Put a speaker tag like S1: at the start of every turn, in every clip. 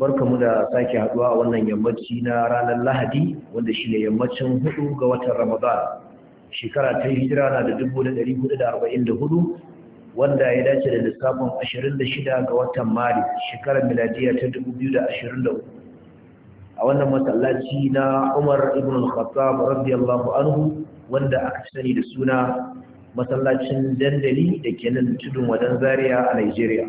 S1: barkamu da sake haduwa a wannan yammaci na ranar lahadi wanda shi ne yammacin hudu ga watan ramadan shekara ta hijira na da 1444 wanda ya dace da lissafin 26 ga watan mari shekarar miladiya ta 2023 a wannan masallaci na umar ibn al-khattab radiyallahu anhu wanda aka sani da suna masallacin dandali da ke nan tudun wadan zaria a nigeria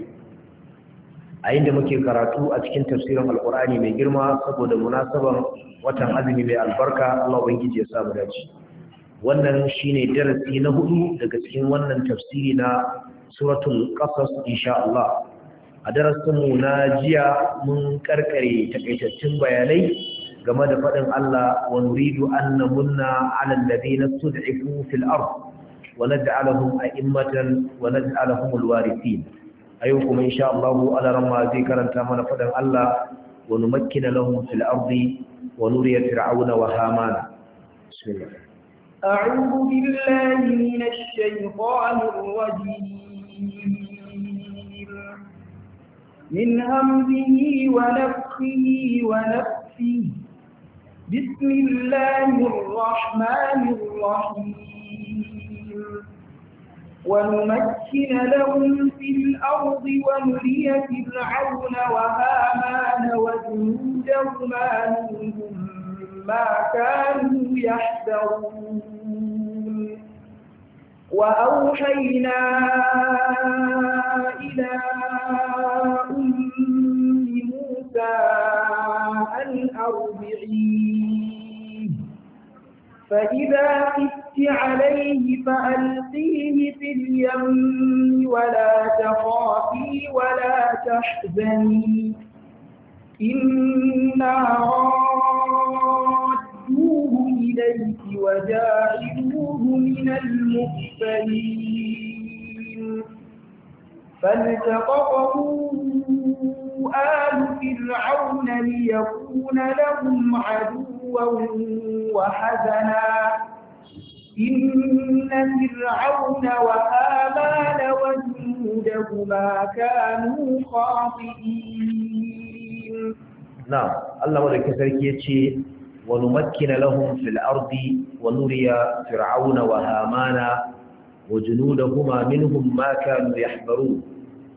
S1: a inda muke karatu a cikin tafsirin alkur'ani mai girma saboda munasaban watan azumi mai albarka Allah ubangiji ya mu dace wannan shine darasi na hudu daga cikin wannan tafsiri na suratul qasas insha Allah a darasin mu na jiya mun karkare takaitaccen bayanai game da fadin Allah wa nuridu an namunna 'ala alladhina stud'ifu fil ard wa naj'alahum a'immatan wa naj'alahum alwarithin ayo kuma insha Allah ala ramma zai karanta mana fadan Allah wa numakkina lahum fil ardi wa nuriya fir'auna wa hamana bismillah
S2: a'udhu billahi minash shaytanir rajim من همزه ونفخه ونفسه بسم الله الرحمن الرحيم ونمكن لهم في الأرض ونري فرعون وهامان وجنودهما منهم ما كانوا يحذرون وأوحينا إلى أم موسى أن أرضعيه فإذا خفت الحق عليه فألقيه في اليم ولا تخافي ولا تحزني إنا ردوه إليك وجاعلوه من المغفلين فالتقطه آل فرعون ليكون لهم عدوا وحزنا إن فرعون وآمان وجنودهما كانوا خاطئين
S1: نعم الله ولك سركي ونمكن لهم في الأرض ونري فرعون وهامان وجنودهما منهم ما كانوا يحبرون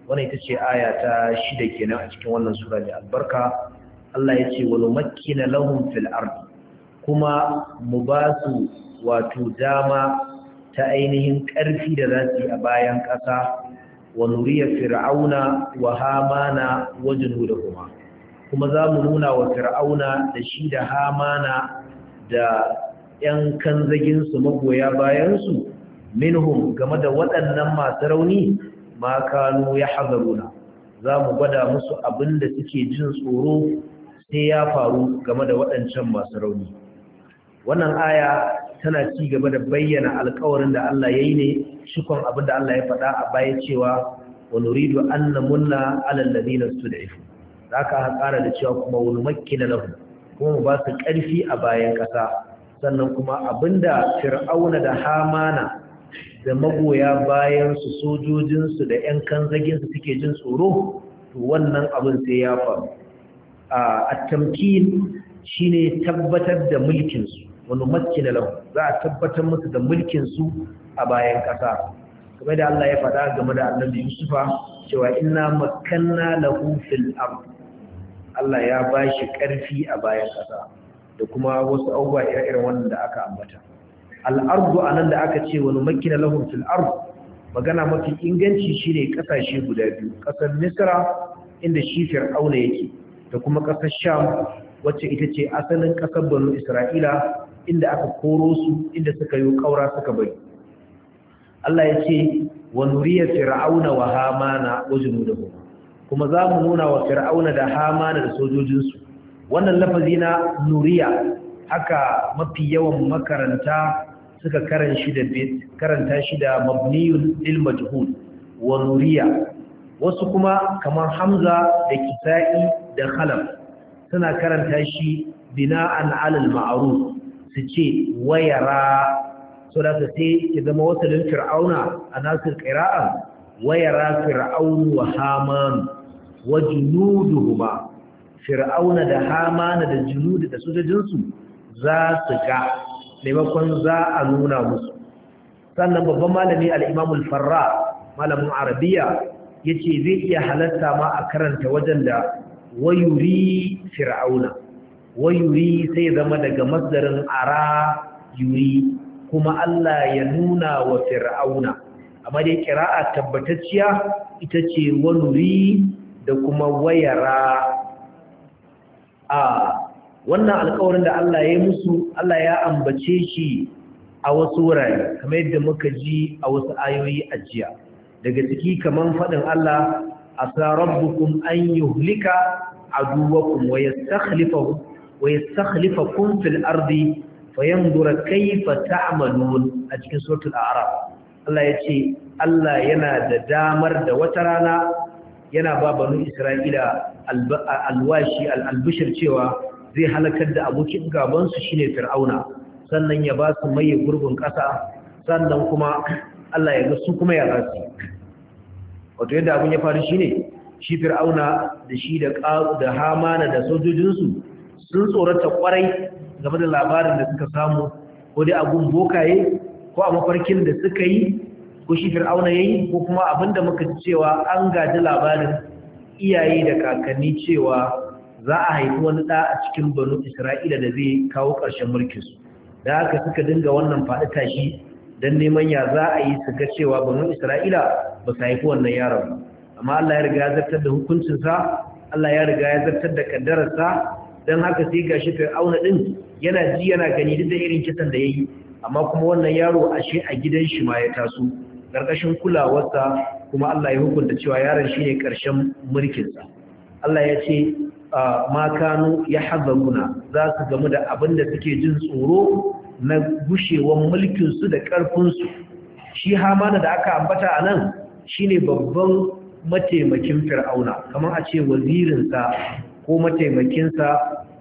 S1: wannan ita ce aya ta shida kenan a cikin wannan sura mai albarka Allah ya ce wa numakkina lahum fil ardi kuma mu ba su wato dama ta ainihin ƙarfi da za su yi a bayan ƙasa wa nuriya fir'auna wa hamana wajinu da kuma kuma za mu nuna wa fir'auna da shi da hamana da 'yan kanzaginsu magoya bayansu minhum game da waɗannan masu rauni ma kanu ya hazaruna za mu gwada musu abin da suke jin tsoro sai ya faru game da waɗancan masu rauni wannan aya tana ci gaba da bayyana alkawarin da Allah ya yi ne shikon abin da Allah ya faɗa a baya cewa wa nuridu an na munna na su da ifu za ka ƙara da cewa kuma wani makki na lahu kuma mu ba su ƙarfi a bayan ƙasa sannan kuma abin da fir'auna da hamana da magoya bayansu sojojinsu da 'yan kanzaginsu suke jin tsoro to wannan abin sai ya faru a tamkin shine tabbatar da mulkinsu wani maskina lahu za a tabbatar musu da mulkinsu a bayan ƙasa game da Allah ya faɗa game da annabi Yusufa cewa inna makanna lahu fil ard Allah ya bashi ƙarfi a bayan ƙasa da kuma wasu abubuwa ire-iren wannan da aka ambata al-ardu anan da aka ce wani makina lahu fil ard magana mafi inganci shine ƙasashe guda biyu Ƙasar Misra inda shi Fir'auna yake da kuma ƙasar Sham wacce ita ce asalin ƙasar Banu Isra'ila inda aka koro su inda suka yi kaura suka bari Allah ya ce wa nuriya fir'auna wa hamana wa junudahum kuma za mu nuna wa fir'auna da hamana da sojojinsu wannan lafazi na nuriya haka mafi yawan makaranta suka karanta shi da mabniyun lil majhul wa nuriya wasu kuma kamar hamza da kisa'i da khalaf suna karanta shi bina'an alal ma'ruf su ce wayara so da su sai ki zama wasalin fir'auna a nasir ƙira'a wayara fir'aunu wa Haman wa junuduhuma fir'auna da hamana da junudu da sojojinsu za su ga maimakon za a nuna musu sannan babban malami al'imamul farra malamin arabiya ya ce zai iya halatta ma a karanta wajen da wayuri fir'auna Wayuri yuri sai zama daga masdarin ara yuri kuma Allah ya nuna wa fir'auna amma dai kira'a tabbatacciya ita ce wa da kuma wayara a wannan alƙawarin da Allah ya musu Allah ya ambace shi a wasu wurare kamar yadda muka ji a wasu ayoyi a jiya daga ciki kaman faɗin Allah asa rabbukum an yuhlika aduwakum wa yastakhlifahu wa yastakhlifakum fil ardi fayanzura kayfa ta'malun a cikin suratul Arab? Allah yace Allah yana da damar da wata rana yana ba banu Isra'ila alwashi al cewa zai halakar da abokin gaban su shine Fir'auna sannan ya ba su maye gurbin ƙasa sannan kuma Allah ya ga su kuma ya rasu wato yadda abun ya faru shine shi Fir'auna da shi da da Hamana da sojojinsu sun tsorata kwarai game da labarin da suka samu ko dai abun bokaye ko a mafarkin da suka yi ko shi fir'auna ya yi ko kuma abin da muka ci cewa an gaji labarin iyaye da kakanni cewa za a haifi wani ɗa a cikin banu isra'ila da zai kawo ƙarshen su. da haka suka dinga wannan faɗi tashi don neman ya za a yi su ga cewa banu isra'ila ba su haifi wannan yaron ba amma allah ya riga ya zartar da hukuncinsa allah ya riga ya zartar da kaddararsa don haka sai gashi fir'auna din yana ji yana gani duk da irin kisan da yayi amma kuma wannan yaro ashe a gidan shi ma ya taso karkashin kulawarsa kuma Allah ya hukunta cewa yaron shine karshen mulkin sa Allah ya ce ma kanu yahzabuna za su gamu da abin da suke jin tsoro na gushewan mulkin su da karfin su shi hamana da aka ambata anan shine babban mataimakin fir'auna kamar a ce wazirinsa ko mataimakinsa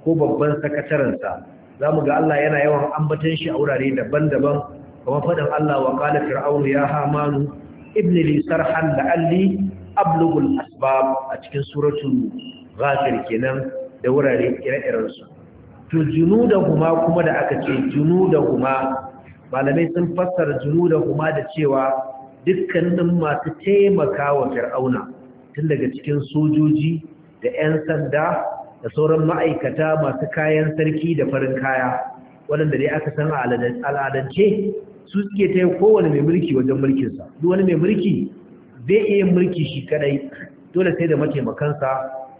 S1: ko babban sakatarensa za mu ga Allah yana yawan ambatan shi a wurare daban-daban kuma faɗin Allah wa ƙala fir'aunu ya hamanu ibn li sarhan la'alli ablugul asbab a cikin suratul ghafir kenan da wurare ire-iren su to junudahuma kuma da aka ce kuma. malamai sun fassara junudahuma da cewa dukkanin masu taimaka wa fir'auna tun daga cikin sojoji da 'yan sanda da sauran ma'aikata masu kayan sarki da farin kaya waɗanda dai aka san al'adance su suke ta kowane mai mulki wajen mulkinsa duk wani mai mulki zai iya mulki shi kadai dole sai da mataimakansa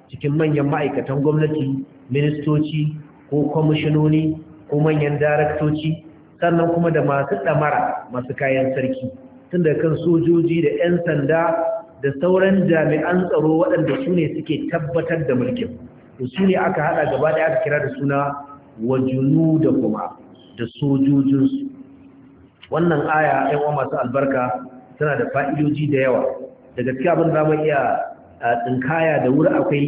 S1: cikin manyan ma'aikatan gwamnati ministoci ko kwamishinoni ko manyan daraktoci sannan kuma da masu ɗamara masu kayan sarki tun da kan sojoji da 'yan sanda da sauran jami'an tsaro waɗanda su ne suke tabbatar da mulkin to su ne aka haɗa gaba da aka kira da suna wajunu da kuma da sojojinsu wannan aya yan uwa masu albarka tana da fa'idoji da yawa daga gaskiya abin da mu iya tsinkaya da wuri akwai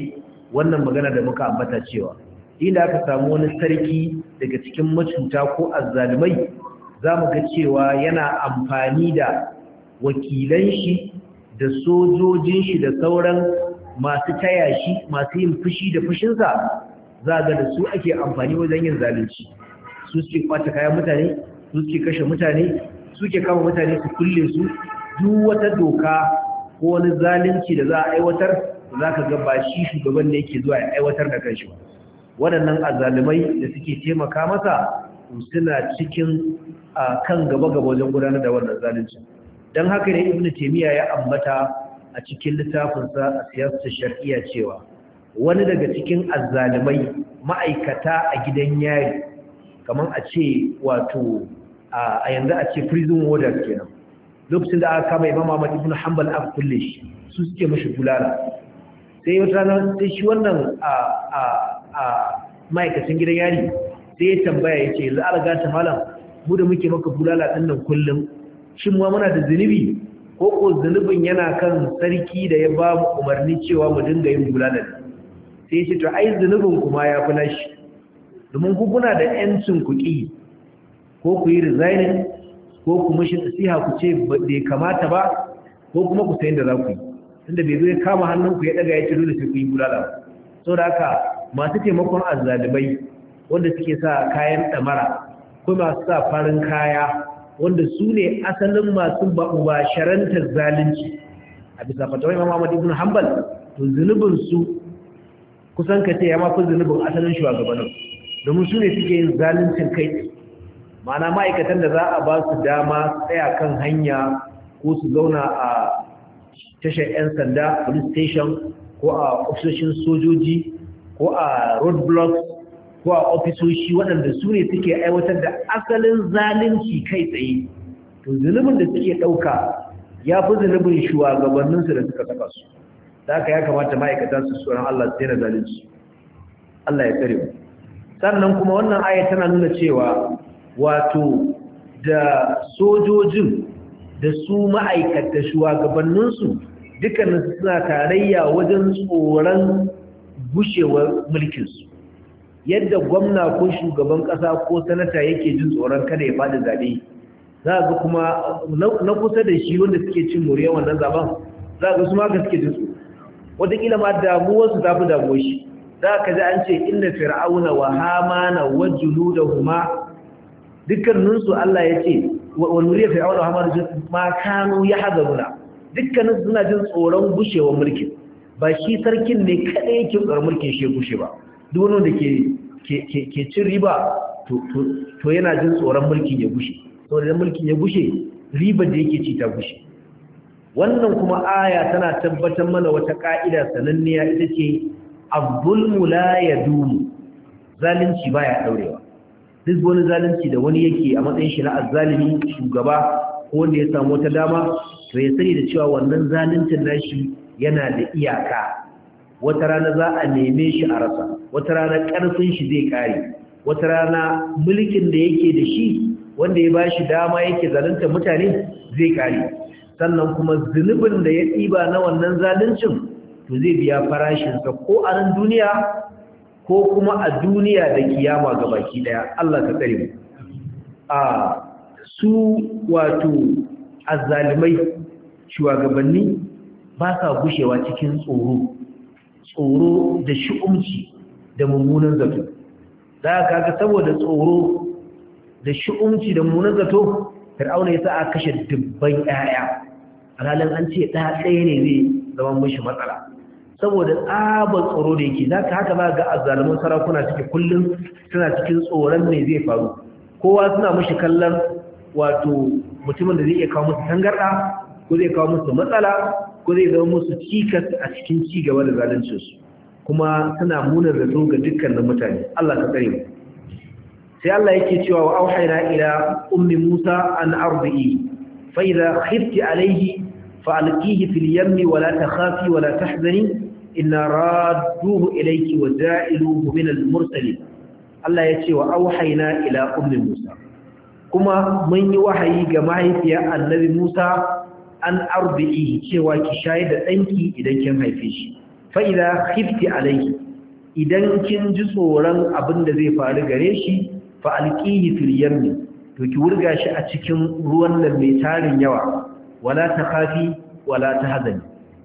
S1: wannan magana da muka ambata cewa inda aka samu wani sarki daga cikin macuta ko azzalumai za mu ga cewa yana amfani da wakilan shi da sojojin shi da sauran masu taya shi masu yin fushi da fushinsa za ga da su ake amfani wajen yin zalunci su suke kwata kayan mutane su suke kashe mutane suke kama mutane su kulle su duk wata doka ko wani zalunci da za a aiwatar za ka ga ba shi shugaban ne yake zuwa ya aiwatar da kanshi ba waɗannan azalumai da suke taimaka masa suna cikin kan gaba-gaba wajen gudanar da wannan zalunci don haka ne ibn taimiyya ya ambata a cikin littafinsa a siyasar shar'iyya cewa wani daga cikin azzalumai ma'aikata a gidan yari kamar a ce wato a yanzu a ce prison warders kenan lokacin da aka kama imam Ahmad ibn Hanbal aka kulle shi su suke mashi bulala sai wata nan sai shi wannan a a a ma'aikacin gidan yari sai ya tambaya ya ce la'arga ta malam mu da muke maka bulala ɗin nan kullum shin ma muna da zunubi ko ko zunubin yana kan sarki da ya ba mu umarni cewa mu dinga yin bulala sai shi to ai zunubin kuma ya fi nashi domin ku kuna da yancin ku ki ko ku yi resigning ko ku mushi nasiha ku ce bai kamata ba ko kuma ku sayin da za ku yi tunda bai zo ya kama hannunku ya daga ya ce dole sai ku yi bulala saboda haka masu taimakon azzalibai wanda suke sa kayan damara ko masu sa farin kaya wanda su ne asalin masu sharantar zalunci a bisa fatawa imam Ahmad ibn Hanbal to zunubin su kusan ka ce ya fi zunubin asalin shugabannin domin su ne suke yin zaluncin kai ma'ana ma'aikatan da za a ba su dama tsaya kan hanya ko su zauna a tashar 'yan sanda police station ko a ofisoshin sojoji ko a road blocks ko a ofisoshi waɗanda su ne suke aiwatar da asalin zalunci kai tsaye to zunubin da suke ɗauka ya fi zunubin shugabanninsu da suka taɓa su da haka ya kamata ma'aikata su tsoron Allah sai na zalunci Allah ya tsare mu sannan kuma wannan aya tana nuna cewa wato da sojojin da su ma'aikata shugabanninsu dukkanin suna tarayya wajen tsoron gushewar mulkinsu yadda gwamna ko shugaban ƙasa ko sanata yake jin tsoron kada ya faɗi zaɓe za ga kuma na kusa da shi wanda suke cin moriya wannan zaben za ga su maka suke jin tsoro wataƙila ma damuwar su fi damuwar shi za ka ji an ce inda fir'auna wa hamana wa juludahuma dukkaninsu Allah ya ce wa nuriya fir'auna wa hamana ma kanu muna. dukkanin suna jin tsoron gushewar mulkin ba shi sarkin ne kadai yake tsoron mulkin shi gushe ba duk wani wanda ke ke cin riba to yana jin tsoron mulkin ya gushe saboda mulkin ya gushe riba da yake ci ta gushe wannan kuma aya tana tabbatar mana wata ka'ida sananniya ita ce abdulmu la yadumu zalunci baya daurewa duk wani zalunci da wani yake a matsayin shi na azzalimi shugaba ko wanda ya samu wata dama to ya sani da cewa wannan zaluncin nashi yana da iyaka wata rana za a neme shi a rasa wata rana ƙarfin shi zai ƙare wata rana mulkin da yake da shi wanda ya ba shi dama yake zalunta mutane zai ƙare sannan kuma zunubin da ya ɗiba na wannan zaluncin to zai biya farashinsa ko a nan duniya ko kuma a duniya da kiyama ga baki ɗaya Allah ka tsare mu a su wato azzalimai shugabanni ba sa gushewa cikin tsoro tsoro da shi'umci da mummunan zato za ka ga saboda tsoro da shi'umci da mummunan zato fir'auna ya sa a kashe dubban 'ya'ya a halin an ce ɗaya ɗaya ne zai zama mashi matsala saboda tsabar tsoro da yake za ka haka ba ga azzalumin sarakuna suke kullum suna cikin tsoron ne zai faru kowa suna mashi kallon wato mutumin da zai iya kawo musu tangarɗa ko zai kawo musu matsala ko zai zama musu cikas a cikin ci gaba da zalunci su kuma suna muna zato ga dukkanin mutane Allah ka tsare mu sai Allah yake cewa wa auhayna ila ummi Musa an ardi fa idha khifti alayhi fa alqihi fil yammi wa la takhafi wa la tahzani inna radduhu ilayki wa ja'iluhu min al mursalin Allah yace wa auhayna ila ummi Musa kuma mun yi wahayi ga mahaifiyar annabi Musa an arbi'ihi cewa ki shayar da ɗanki idan kin haife shi Fa'ida idza khifti idan kin ji tsoron abin da zai faru gare shi fa yi fil ne, to ki wurga shi a cikin ruwan nan mai tarin yawa wala kafi wala ta tahzani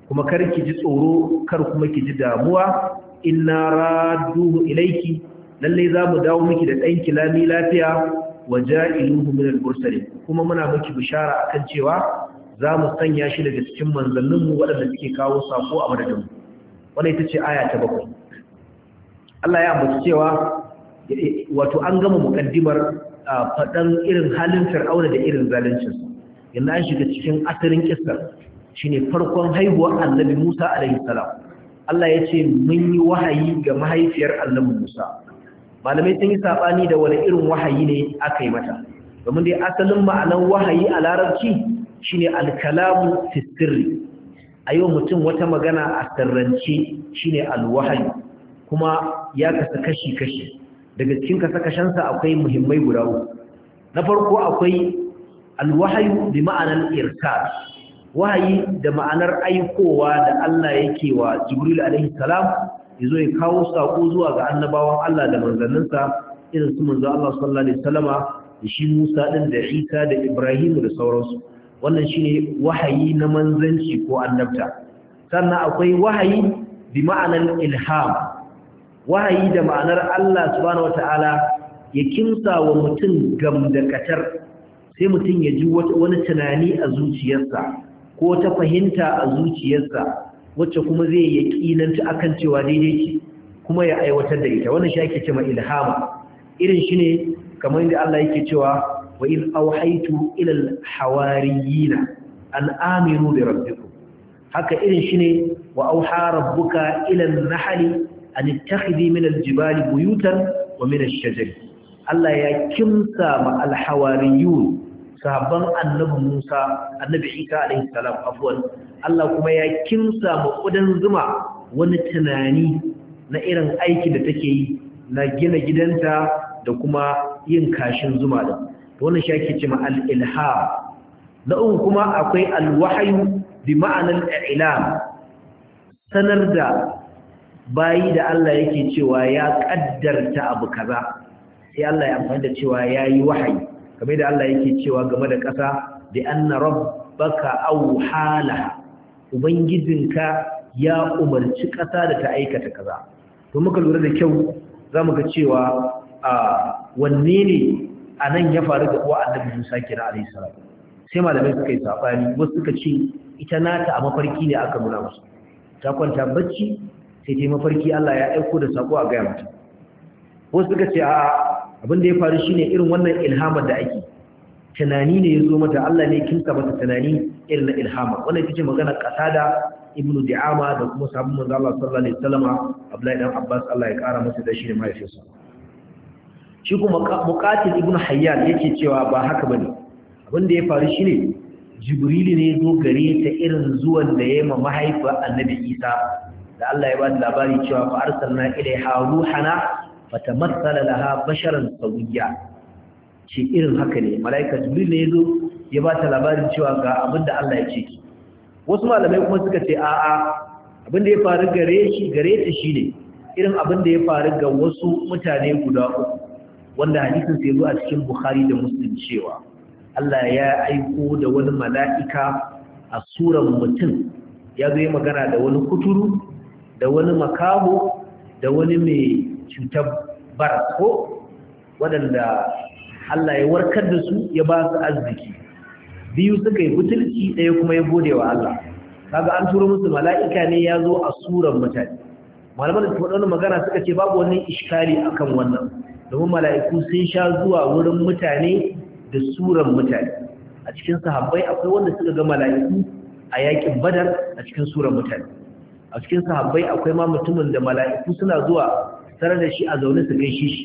S1: kuma kar ki ji tsoro kar kuma ki ji damuwa inna radduhu ilayki Lallai za mu dawo miki da ɗanki lami lafiya waja'iluhu min al-mursalin kuma muna miki bishara akan cewa za mu sanya shi daga cikin manzanninmu waɗanda suke kawo sako a madadinmu Wani ita ce aya ta bakwai Allah ya ambaci cewa wato an gama mukaddimar faɗan irin halin fir'auna da irin zaluncinsa yanzu an shiga cikin asalin kissar shine farkon haihuwar annabi Musa alaihi salam Allah ya ce mun yi wahayi ga mahaifiyar annabi Musa malamai sun yi saɓani da wani irin wahayi ne aka yi mata domin dai asalin ma'anar wahayi a larabci shine al-kalamu fi sirri mutum wata magana a sirrance shine al kuma ya kasa kashi kashi daga cikin kasa kashansa akwai muhimmai guda uku na farko akwai alwahayu da ma'anar irsal wahayi da ma'anar aikowa da Allah yake wa Jibril alaihi salam yazo ya kawo sako zuwa ga annabawan Allah da manzanninsa irin su manzo Allah sallallahu alaihi Salama da shi Musa ɗin da Isa da Ibrahimu da sauransu wannan shine wahayi na manzanci ko annabta sannan akwai wahayi bi ma'anar ilham wahayi da ma'anar Allah subhanahu wata'ala ya kimsa wa mutum gamdakatar sai mutum ya ji wani tunani a zuciyarsa ko ta fahimta a zuciyarsa wacce kuma zai a akan cewa daidai ce kuma ya aiwatar da ita wannan shi ake cewa ilhama irin shi ne kamar da Allah yake cewa wa in auhaitu ilal al-hawariyina an aminu bi rabbikum haka irin shine wa auha rabbuka ila an-nahli an ittakhidhi min al-jibali buyutan wa min ash-shajari Allah ya kimsa ma al-hawariyun sahabban annabi Musa annabi Isa alaihi salam Allah kuma ya kimsa ma zuma wani tunani na irin aiki da take yi na gina gidanta da kuma yin kashin zuma da wannan shi ake cewa na uku kuma akwai al bi ma'anar ilam sanar da bayi da Allah yake cewa ya ƙaddarta abu kaza sai Allah ya amfani da cewa yayi wahayi kamar da Allah yake cewa game da ƙasa bi anna rabbaka halaha. ubangijinka ya umarci ƙasa da ta aikata kaza to muka lura da kyau zamu ga cewa a wanne ne a nan ya faru da uwa annabi Musa kira alaihi salam sai malamai suka yi sabani wasu suka ce ita nata a mafarki ne aka nuna musu ta kwanta bacci sai ta mafarki Allah ya aiko da sako a gaya mata wasu suka ce a abin da ya faru shine irin wannan ilhamar da ake tunani ne ya zo mata Allah ne kinsa mata tunani irin na ilhama wannan ita ce magana kasada ibnu di'ama da kuma sabbin manzo Allah sallallahu alaihi wasallama Abdullahi dan Abbas Allah ya kara masa da shi da mahaifinsa shi kuma muqatil ibnu hayyan yake cewa ba haka bane abin da ya faru shine jibrilu ne zo gare ta irin zuwan da yayi ma mahaifa annabi isa da Allah ya ba labari cewa fa arsalna ilaiha ruhana fatamassala laha basharan sawiyya shi irin haka ne malaika jibril ne yazo ya ba ta labarin cewa ga abin da Allah ya ce ki wasu malamai kuma suka ce a'a abin da ya faru gare shi gare ta shine irin abin da ya faru ga wasu mutane guda uku wanda hadisin sai zo a cikin Bukhari da Muslim cewa Allah ya aiko da wani mala'ika a suran mutum ya zo magana da wani kuturu da wani makaho da wani mai cutar bar ko waɗanda Allah ya warkar da su ya ba su arziki biyu suka yi butulci ɗaya kuma ya gode wa Allah kaga an turo musu mala'ika ne ya zo a suran mutane malaman da su magana suka ce babu wani ishkali akan wannan domin mala'iku sun sha zuwa wurin mutane da suran mutane a cikin sahabbai akwai wanda suka ga mala'iku a yakin badar a cikin suran mutane a cikin sahabbai akwai ma mutumin da mala'iku suna zuwa tare da shi a zaune su gaishe shi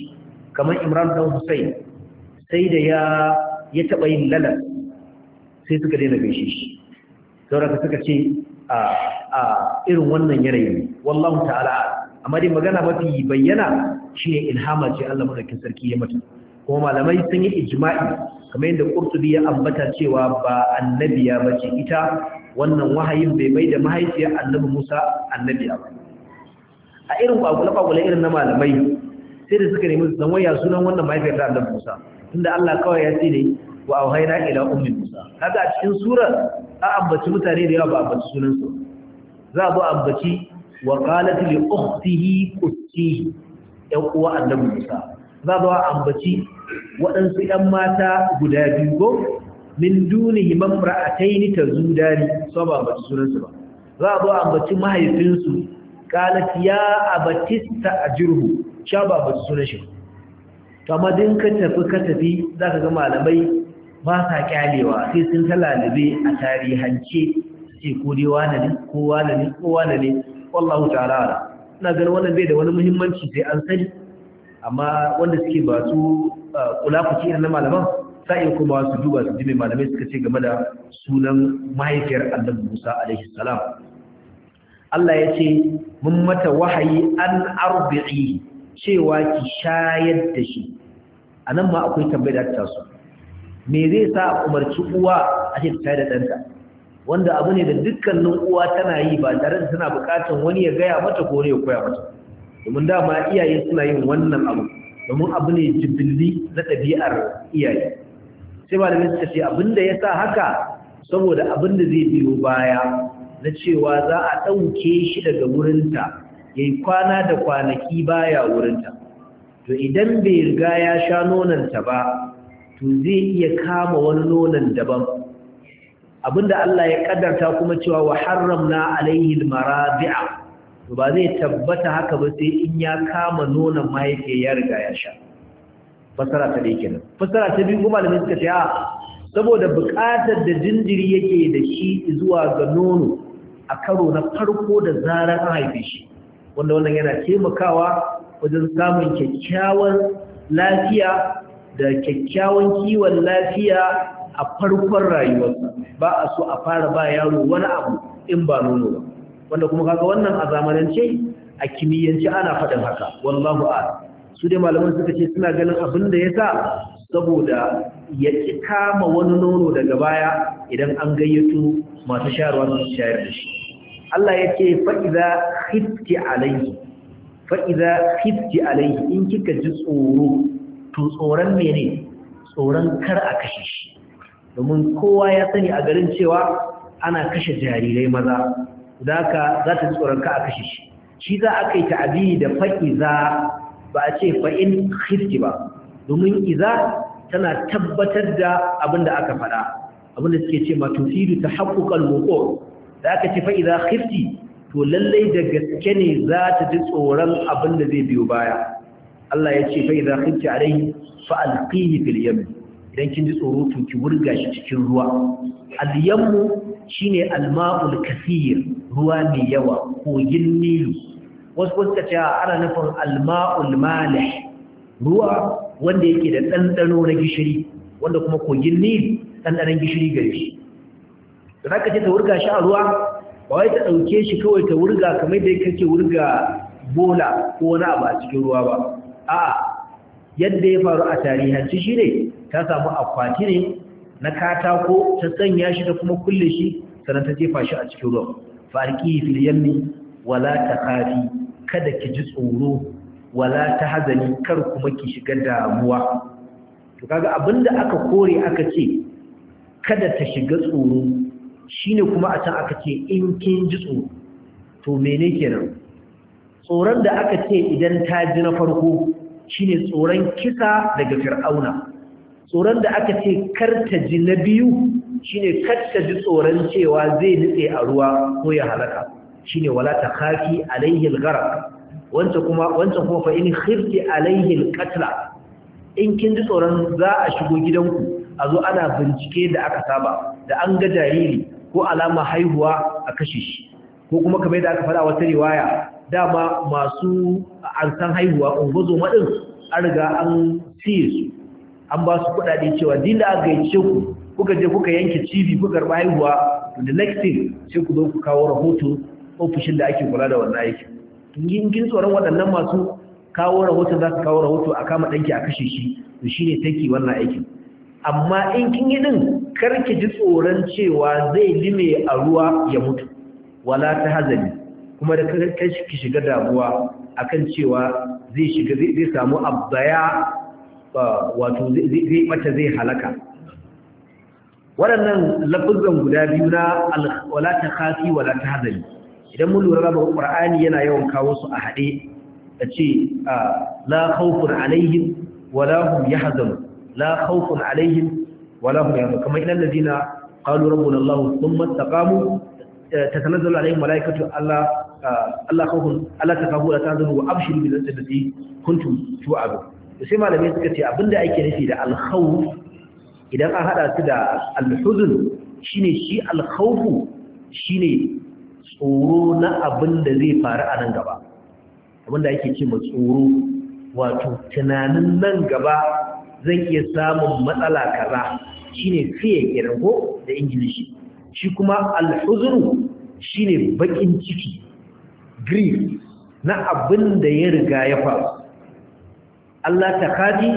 S1: kamar imran dan hussein sai da ya ya taba yin lalas sai suka daina gaishe shi saboda suka ce a a irin wannan yanayi wallahu ta'ala amma dai magana mafi bayyana shi ne ilhama ce Allah madaukakin sarki ya mata kuma malamai sun yi ijma'i kamar yadda Qurtubi ya ambata cewa ba annabiya bace ita wannan wahayin bai bai da mahaifiyar Annabi Musa annabiya ba a irin kwakula-kwakula irin na malamai sai da suka nemi zan waya sunan wannan mahaifiyar Annabi Musa tunda Allah kawai ya ce ne wa auhayna ila ummi Musa kaga a cikin surar a ambaci mutane da yawa ba ambaci sunan su za a zo ambaci wa qalat li ukhtihi qutti ya uwa annabi Musa za ba ambaci waɗansu 'yan mata guda biyu ko min dunihi mamra'atayn tazudani so ba ambaci sunansu ba za a zo ambaci mahaifinsu qalat ya abatista ajruhu sha ba ambaci sunan shi amma din ka tafi ka tafi zaka ga malamai ba sa kyalewa sai sun talalabe a tarihance ce ko dai wane ne ko wane ne ko wane ne wallahu ta'ala na gani wannan bai da wani muhimmanci sai an sani amma wanda suke ba su uh, kula kuci na malaman sa'in kuma su duba su ji malamai suka ce game da sunan mahaifiyar annabi Musa alaihi salam Allah ya ce mun mata wahayi an arbi'i cewa ki shayar da shi anan ma akwai tambayar da ta so me zai sa umarci uwa a ce ta da danta wanda abu ne da dukkanin uwa tana yi ba tare da tana bukatun wani ya gaya mata ko wani ya koya mata domin dama iyaye suna yin wannan abu domin abu ne jibilli na ɗabi'ar iyaye sai malamin suka ce abinda ya sa haka saboda abin da zai biyo baya na cewa za a ɗauke shi daga wurinta ya yi kwana da kwanaki baya wurinta to idan bai riga ya sha nonanta ba to zai iya kama wani nonon daban abinda Allah ya kaddarta kuma cewa wa harramna alaihi almarabi'a to ba zai tabbata haka ba sai in ya kama nonon ma yake ya riga ya sha fasara ta dai kenan fasara ta biyu kuma malamin suka ce A saboda buƙatar da jinjiri yake da shi zuwa ga nono a karo na farko da zarar an haife shi wanda wannan yana taimakawa wajen samun kyakkyawan lafiya da kyakkyawan kiwon lafiya a farkon rayuwarsa ba a so a fara ba yaro wani abu in ba nono ba wanda kuma kaga wannan a zamanance a kimiyyance ana faɗin haka wallahu a'lam su dai malaman suka ce suna ganin abin da yasa saboda ya kama wani nono daga baya idan an gayyato masu shayarwa su shayar da shi Allah ya ce fa'iza hifti alaihi fa'iza khifti alayhi in kika ji tsoro to tsoron mene tsoron kar a kashe shi domin kowa ya sani a garin cewa ana kashe jarirai maza za ka za ta tsoron ka a kashe shi shi za a kai ta'abi da fa'i za ba a ce fa'in khifti ba domin iza tana tabbatar da abin da aka faɗa abin da suke ce ma tufidu ta haƙuƙal wuƙo da aka ce fa'iza khifti to lallai da gaske ne za ta ji tsoron abin da zai biyo baya Allah ya ce fa'iza khifti a rai fa'alƙihi fil yammi idan kin ji tsoro to ki wurga shi cikin ruwa al-yammu shine al-ma'ul kathir ruwa mai yawa kogin nilu wasu wasu ce ana nufin al-ma'ul malih ruwa wanda yake da ɗanɗano na gishiri wanda kuma kogin nilu ɗanɗanon gishiri gare shi to zaka ce ta wurga shi a ruwa ba wai ta ɗauke shi kawai ta wurga kamar da kake wurga bola ko wani abu a cikin ruwa ba a'a yadda ya faru a tarihi shi ne ta samu akwati ne na katako ta sanya shi da kuma kulle shi sannan ta jefa shi a cikin ruwan farki fil yammi wala takhafi kada ki ji tsoro wala ta hazani kar kuma ki shiga damuwa to kaga abinda aka kore aka ce kada ta shiga tsoro shine kuma a can aka ce in kin ji tsoro to mene kenan tsoron da aka ce idan ta ji na farko shine tsoron kisa daga fir'auna tsoron da aka ce karta ji na biyu shine karta ji tsoron cewa zai nutse a ruwa ko ya halaka shine wala ta kafi alaihi al-gharq kuma wancan kuma fa in khifti alaihi katla in kin ji tsoron za a shigo gidanku a zo ana bincike da aka saba da an ga jariri ko alama haihuwa a kashe shi ko kuma kamar da aka fada wata riwaya dama masu an san haihuwa ungozo madin an riga an siye su an ba su kuɗaɗe cewa din da aka yi ku kuka je kuka yanke cibi kuka karɓa haihuwa to the next thing sai ku zo ku kawo rahoto ofishin da ake kula da wannan aikin in kin tsoron waɗannan masu kawo rahoto za su kawo rahoto a kama ɗanki a kashe shi to shine take wannan aikin amma in kin yi din karki ji tsoron cewa zai lime a ruwa ya mutu wala ta hazari kuma da kanki shiga damuwa akan cewa zai shiga zai samu abaya wato zai bata zai halaka waɗannan lafizan guda biyu na wala ta khafi wala ta hazari idan mun lura ba qur'ani yana yawan kawo su a haɗe, da ce la khawfun alaihim walahu ya yahzanun la khawfun alaihim walahu ya yahzanun kamar idan ladina qalu rabbuna allah thumma istaqamu tatanazzalu alaihim malaikatu allah allah khawfun allah takahu la tahzanu wa abshiru bil jannati kuntum tu'adun sai malamai suka ce abinda ake nufi da alkhawf idan an hada su da alhuzun shine shi alkhawfu shine tsoro na abinda zai faru a nan gaba abinda ake ce ma tsoro wato tunanin nan gaba zan iya samun matsala kaza shine fiye kiran ko da ingilishi shi kuma alhuzuru shine bakin ciki grief na abinda ya riga ya faru Allah ta kaji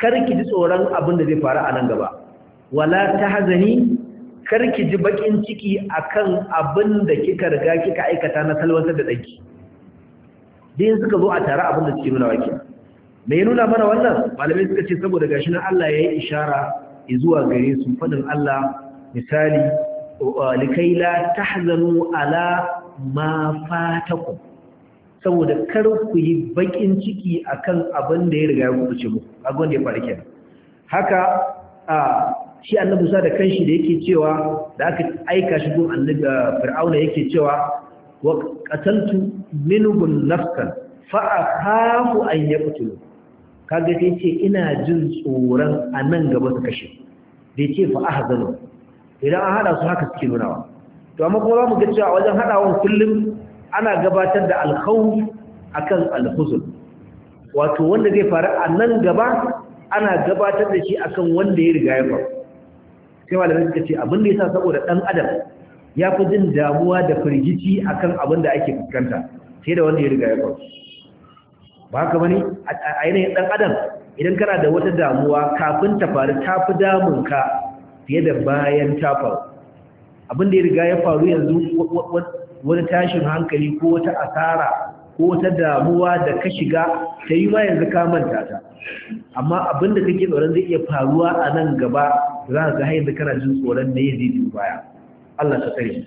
S1: karki ji tsoron abin da zai faru a nan gaba wala ta hazani karki ji bakin ciki akan abin da kika riga kika aikata na salwantar da danki din suka zo a tare abin da suke nuna ke. me nuna mana wannan malamai suka ce saboda gashi nan Allah ya yi ishara zuwa gare su fadin Allah misali likai la tahzanu ala ma fatakum saboda kar ku yi bakin ciki akan abin da ya riga ya kuɓuce muku abin da ya faru kenan haka a shi annabi Musa da kanshi da yake cewa da aka aika shi gun annabi Fir'auna yake cewa wa qataltu minhum nafsan fa akhafu an yaqtulu kaga sai ce ina jin tsoron anan gaba su kashe da yake fa ahzanu idan an hada su haka suke nunawa to amma kuma za mu ga cewa wajen hadawan kullum ana gabatar da alkhawf akan alhuzn wato wanda zai faru a nan gaba ana gabatar da shi akan wanda ya riga ya faru sai malamin suka ce abin da yasa saboda dan adam ya fi jin damuwa da firgici akan abin da ake fuskanta sai da wanda ya riga ya faru ba haka bane a yanayin dan adam idan kana da wata damuwa kafin ta faru ta fi damun ka fiye da bayan ta faru abin da ya riga ya faru yanzu wani tashin hankali ko wata asara ko wata damuwa da ka shiga ta yi ma yanzu ka manta ta amma abin da kake tsoron zai iya faruwa a nan gaba za ka ga da kana jin tsoron da ya zai baya Allah ta tsare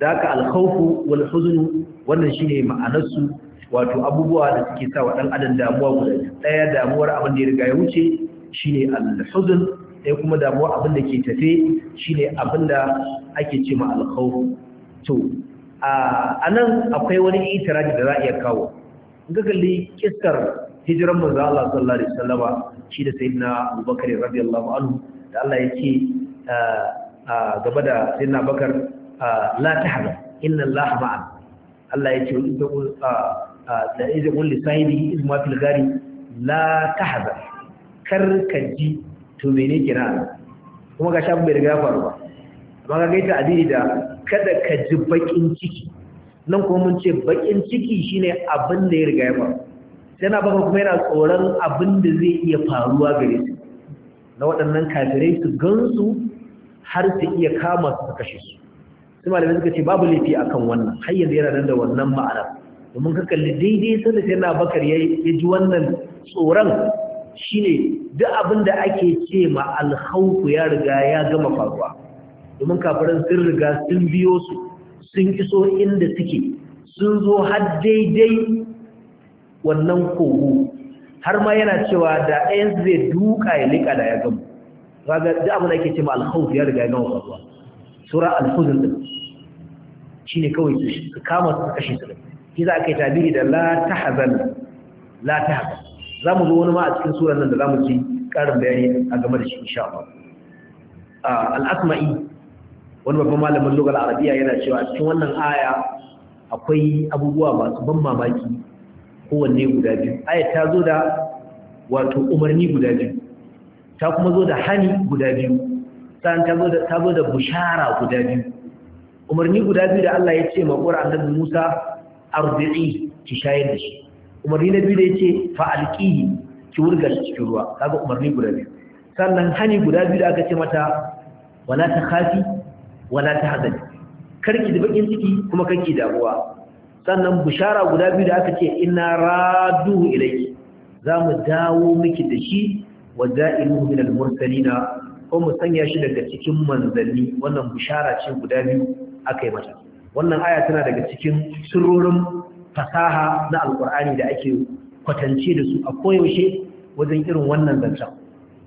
S1: da haka alkhawfu wal huzn wannan shine ma'anar su wato abubuwa da suke sa wa dan adam damuwa guda daya damuwar abin da ya riga ya wuce shine ne sai kuma damuwa abin da ke tafe shine abin da ake ce ma to a nan akwai wani itiraji da za a iya kawo ga kalli kiskar hijiran manzo Allah sallallahu alaihi wasallama shi da sayyidina Bakar radiyallahu anhu da Allah yake gaba da sayyidina bakar la tahzan inna Allah ma'ana Allah yake da izin kulli sahibi iz ma fil gari la tahzan kar ka ji to menene kira kuma ga shabu bai riga faru ba amma ga gaita adidi da kada ka ji baƙin ciki nan kuma mun ce bakin ciki shine abin da ya riga ya faru yana baka kuma yana tsoron abin da zai iya faruwa gare su na waɗannan kafirai su gansu har su iya kama su kashe su su malamai suka ce babu laifi akan wannan har yanzu yana nan da wannan ma'ana domin ka kalli daidai sanda sai na bakar ya ji wannan tsoron shine duk abin da ake ce ma alhauku ya riga ya gama faruwa domin kafirin sun riga sun biyo su sun iso inda suke sun zo har daidai wannan kogo har ma yana cewa da ɗayan zai duka ya liƙa da ya gamu raga da abu da ke ce ma alhauf ya riga ya gama faruwa sura alhuzun da shi ne kawai su kama su kashe su shi za a kai tabiri da la ta hazan la ta hazan za mu zo wani ma a cikin sura nan da za mu ci ƙarin bayani a game da shi insha Allah ah, asmai wani babban malamin lugar arabiya yana cewa cikin wannan aya akwai abubuwa masu ban mamaki kowanne guda biyu aya ta zo da wato umarni guda biyu ta kuma zo da hani guda biyu sa'an ta zo da bushara guda biyu umarni guda biyu da Allah ya ce maƙura annabi Musa arzi'i ki shayar da shi umarni na biyu da ya ce fa'alƙihi ki wurga shi cikin ruwa kaga umarni guda biyu sannan hani guda biyu da aka ce mata wala ta khafi wala Kar karki da bakin ciki kuma karki damuwa sannan bishara guda biyu da aka ce inna raduhu ilayki zamu dawo miki da shi wa za'iluhu min al-mursalina ko mu sanya shi daga cikin manzanni wannan bishara ce guda biyu aka yi mata wannan aya tana daga cikin sirrorin fasaha na alkur'ani da ake kwatance da su a koyaushe wajen irin wannan zancen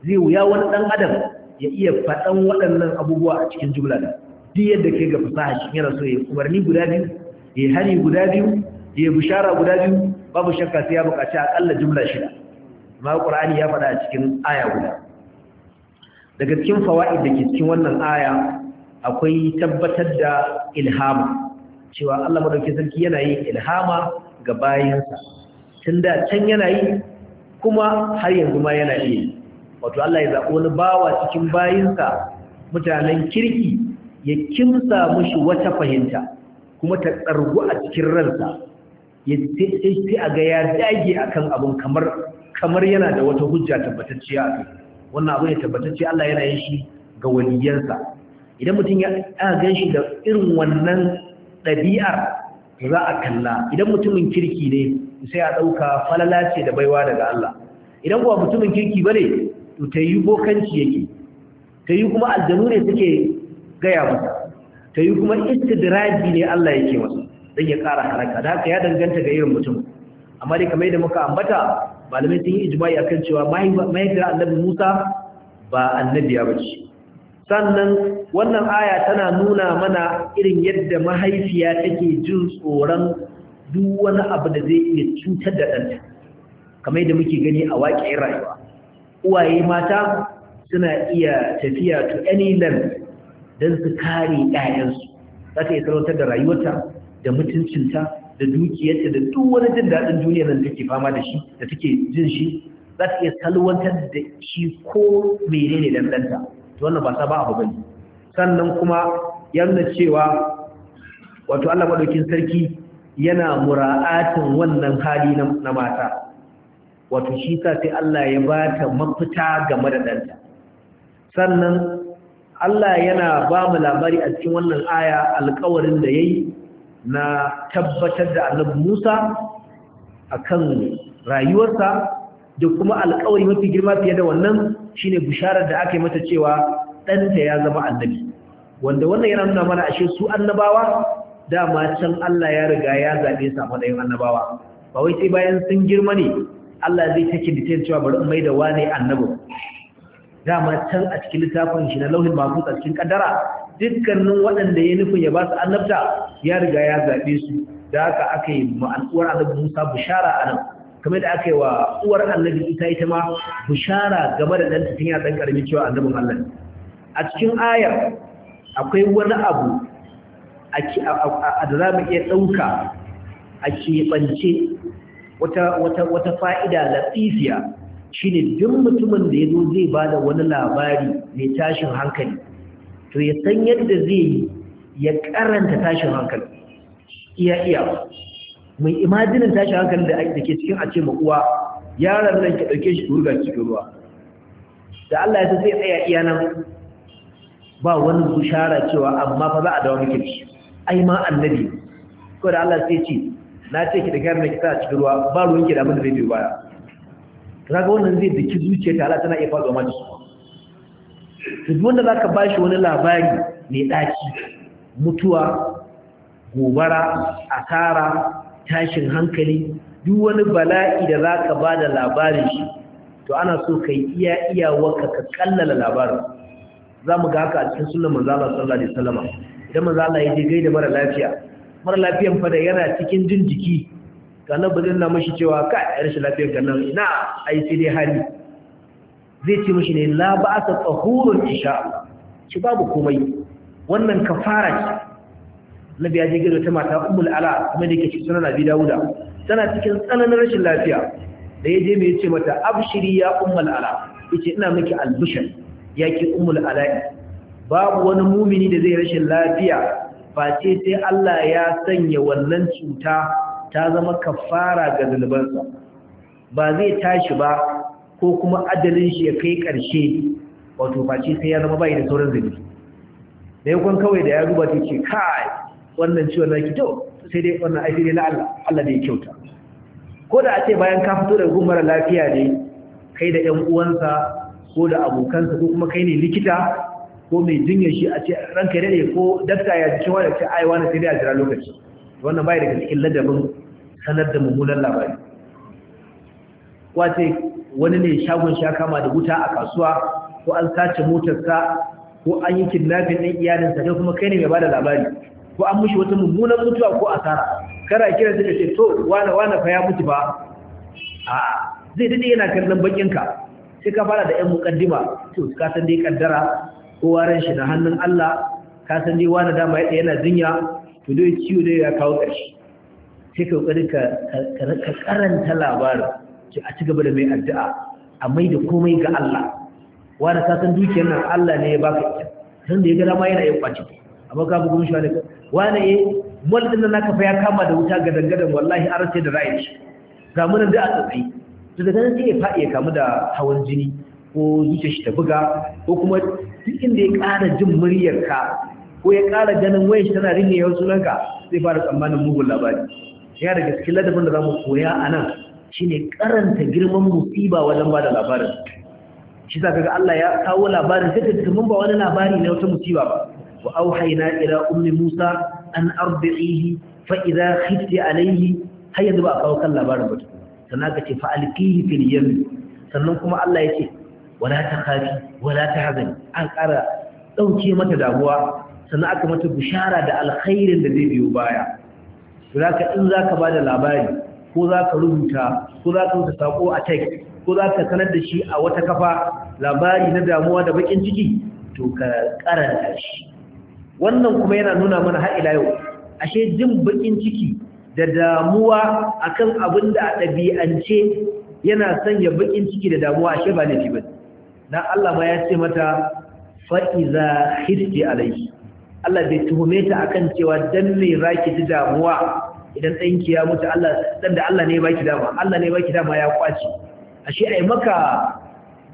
S1: zai wuya wani ɗan adam ya iya faɗan waɗannan abubuwa a cikin jumla da duk yadda ke ga fasaha shi yana so ya umarni guda biyu ya hani guda biyu ya bishara guda biyu babu shakka sai ya buƙaci aƙalla jumla shida amma qur'ani ya faɗa a cikin aya guda daga cikin fawaid da ke cikin wannan aya akwai tabbatar da ilhama cewa Allah madauki sarki yana yi ilhama ga bayansa. tun da can yana yi kuma har yanzu ma yana iya wato Allah ya zaɓi wani bawa cikin bayinsa mutanen kirki ya kimsa mushi wata fahimta kuma ta tsargu a cikin ransa ya sai a ga ya dage akan abun kamar kamar yana da wata hujja tabbatacciya a kai wannan abin ya tabbatacce Allah yana yin shi ga waliyansa idan mutum ya gan shi da irin wannan ɗabi'ar za a kalla idan mutumin kirki ne sai a ɗauka falala ce da baiwa daga Allah idan kuwa mutumin kirki ba ne to ta yi bokanci yake ta yi kuma aljanu ne suke gaya masa ta yi kuma istidraji ne Allah yake masa don ya ƙara haraka da haka ya danganta ga irin mutum amma dai kamar yadda muka ambata malamai sun yi ijma'i akan cewa mahaifiyar annabi Musa ba annabiya ba ce sannan wannan aya tana nuna mana irin yadda mahaifiya take jin tsoron duk wani abu da zai iya cutar da ɗanta kamar yadda muke gani a waƙe rayuwa uwaye mata suna iya tafiya to any length don su kare ƴaƴansu za ta iya sarautar da rayuwarta da mutuncinta da dukiyarta da duk wani jin daɗin duniyar da take fama da shi da take jin shi za ta iya salwantar da shi ko menene dan to wannan ba sa ba abu bane sannan kuma yana cewa wato Allah madaukin sarki yana mura'atin wannan hali na mata wato shi sa sai Allah ya ba ta mafita game da sannan Allah yana ba mu labari a cikin wannan aya alƙawarin da yayi na tabbatar da Annabi Musa akan rayuwarsa da kuma alƙawari mafi girma fiye da wannan shine bisharar da aka yi mata cewa ɗanta ya zama annabi wanda wannan yana nuna mana ashe su annabawa dama can Allah ya riga ya zaɓe su a matsayin annabawa ba wai sai bayan sun girma ne Allah zai take da cewa bari mai da wane annabi dama can a cikin littafin shi na lauhin mafus a cikin kaddara dukkanin waɗanda ya nufin ya ba su annabta ya riga ya zaɓe su da aka aka yi ma'al'uwar annabi musa bushara a nan kamar da aka yi wa uwar annabi ita ita ma bushara game da ɗanta tun yana ɗan ƙarami cewa annabin allah a cikin aya akwai wani abu a da za mu iya ɗauka a keɓance wata fa'ida lafifiya ne duk mutumin da ya zo zai ba da wani labari mai tashin hankali to ya san yadda zai yi ya karanta tashin hankali iya iya mai imajinin tashin hankali da ke cikin a ce uwa yaran nan ki ɗauke shi turga cikin ruwa da Allah ya zai tsaya iya nan ba wani bushara cewa amma fa za a dawo muke shi ai ma annabi ko da Allah sai ce na ce ki da kyar na kita a cikin ruwa ba ruwan ki da mun da zai biyo baya kaga wannan zai daki zuciya ta Allah tana iya faɗo ma da su to duk wanda zaka bashi wani labari mai daki mutuwa gobara asara tashin hankali duk wani bala'i da zaka da labarin shi to ana so kai iya iya waka ka kallala labarin zamu ga haka a cikin sunan manzo sallallahu alaihi wasallam idan manzo ya je gaida mara lafiya mara lafiyan fa da yana cikin jin jiki to annabi zai nuna mashi cewa ka a rashin lafiyar ka nan ina yi sai dai hali zai ce mashi ne la ba sa tsahurun isha shi babu komai wannan kafara ce annabi ya je gido ta mata ummul ala kuma da yake cikin sunan abi dawuda tana cikin tsananin rashin lafiya da ya je mai ce mata abshiri ya ummul ala yace ina miki Ya ki umul ala babu wani mumini da zai rashin lafiya face sai Allah ya sanya wannan cuta ta zama kafara ga zunubansa ba zai tashi ba ko kuma adalin shi ya kai ƙarshe wato faci sai ya zama bai da sauran zunubi da kawai da ya ruba ta ce kai wannan ciwon na kito sai dai wannan aiki ne na Allah Allah da kyauta ko da a ce bayan ka fito da gumar lafiya ne kai da ƴan uwansa ko da abokansa ko kuma kai ne likita ko mai jinya shi a ce ranka ne ko dakta ya ji cewa da ce ai wani sai dai a jira lokaci wannan bai daga cikin ladabin sanar da mummunan labari Wace wani ne shagon shi kama da wuta a kasuwa ko an sace motarsa ko an yi kidnapping ɗin iyalinsa ko kuma kai ne mai bada labari ko an mushi wata mummunan mutuwa ko asara kana kira sai ka ce to wane wane fa ya mutu ba a zai dade yana kallon bakinka sai ka fara da 'yan mukaddima to ka san dai kaddara ko waran shi na hannun Allah ka san dai wani dama yana jinya to dai ciwo dai ya kawo ƙarshe sai ka ka ka karanta labarin ki a cigaba gaba da mai addu'a a mai da komai ga Allah wanda ka san dukiyar nan Allah ne ya baka ita san da ya ga dama yana yin kwaci amma ka bugun shi wani wanda eh mallin nan naka fa ya kama da wuta ga dangadan wallahi an race da ra'ayi shi ga mun da a tsatsai to daga nan sai ya faɗi ya kamu da hawan jini ko zuciya shi ta buga ko kuma duk inda ya ƙara jin muryarka ko ya ƙara ganin wayar shi tana rinne ya sunanka? Sai zai fara tsammanin mugun labari shi da daga cikin ladabin da za mu koya a nan shi ne karanta girman musiba wajen ba da labarin shi za ga Allah ya kawo labarin sai da mun ba wani labari na wata musiba ba wa auhayna ila ummi musa an arbi'ihi fa idza khifti alayhi hayya ba kawo kan labarin ba sannan ka ce fa alqihi fil yam sannan kuma Allah ya ce wala takhafi wala tahzan an kara dauke mata damuwa sannan aka mata bishara da alkhairin da zai biyo baya zaka in zaka bada labari ko zaka rubuta ko zaka rubuta sako a tek ko zaka sanar da shi a wata kafa labari na damuwa da bakin ciki to ka karanta shi wannan kuma yana nuna mana har ila yau ashe jin bakin ciki da damuwa akan abin da a ɗabi'ance yana sanya bakin ciki da damuwa ashe ba laifi ba dan Allah ma ya ce mata fa'iza histi alayhi Allah bai tuhume ta akan cewa dan me zaki ji damuwa idan ɗanki ya mutu Allah dan da Allah ne baki dama Allah ne baki dama ya kwaci ashe ai maka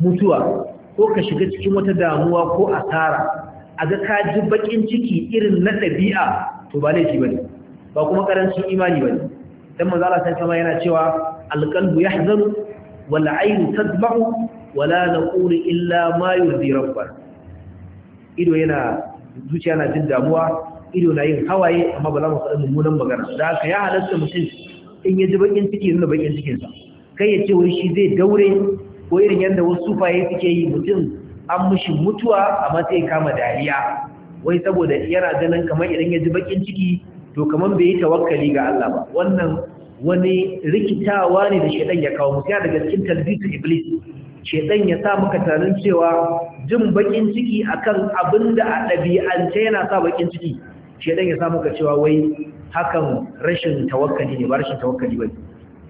S1: mutuwa ko ka shiga cikin wata damuwa ko asara a ga ka ji bakin ciki irin na ɗabi'a to ba laifi bane ba kuma karancin imani bane dan manzo Allah sai kuma yana cewa alqalbu yahzanu wal aynu tadma'u wala naqulu illa ma yurdi rabbana ido yana zuciya na jin damuwa ido na yin hawaye amma ba za mu faɗi mummunan magana da haka ya halatta mutum in ya ji bakin ciki nuna bakin cikinsa kai ya ce wai shi zai daure ko irin yadda wasu sufaye suke yi mutum an mushi mutuwa amma sai kama dariya wai saboda yana ganin kamar idan ya ji bakin ciki to kamar bai yi tawakkali ga Allah ba wannan wani rikitawa ne da shaidan ya kawo mutum daga cikin talbisu iblis shedan ya sa maka tunanin cewa jin bakin ciki akan abinda a ɗabi'ance yana sa bakin ciki shedan ya sa maka cewa wai hakan rashin tawakkali ne ba rashin tawakkali ba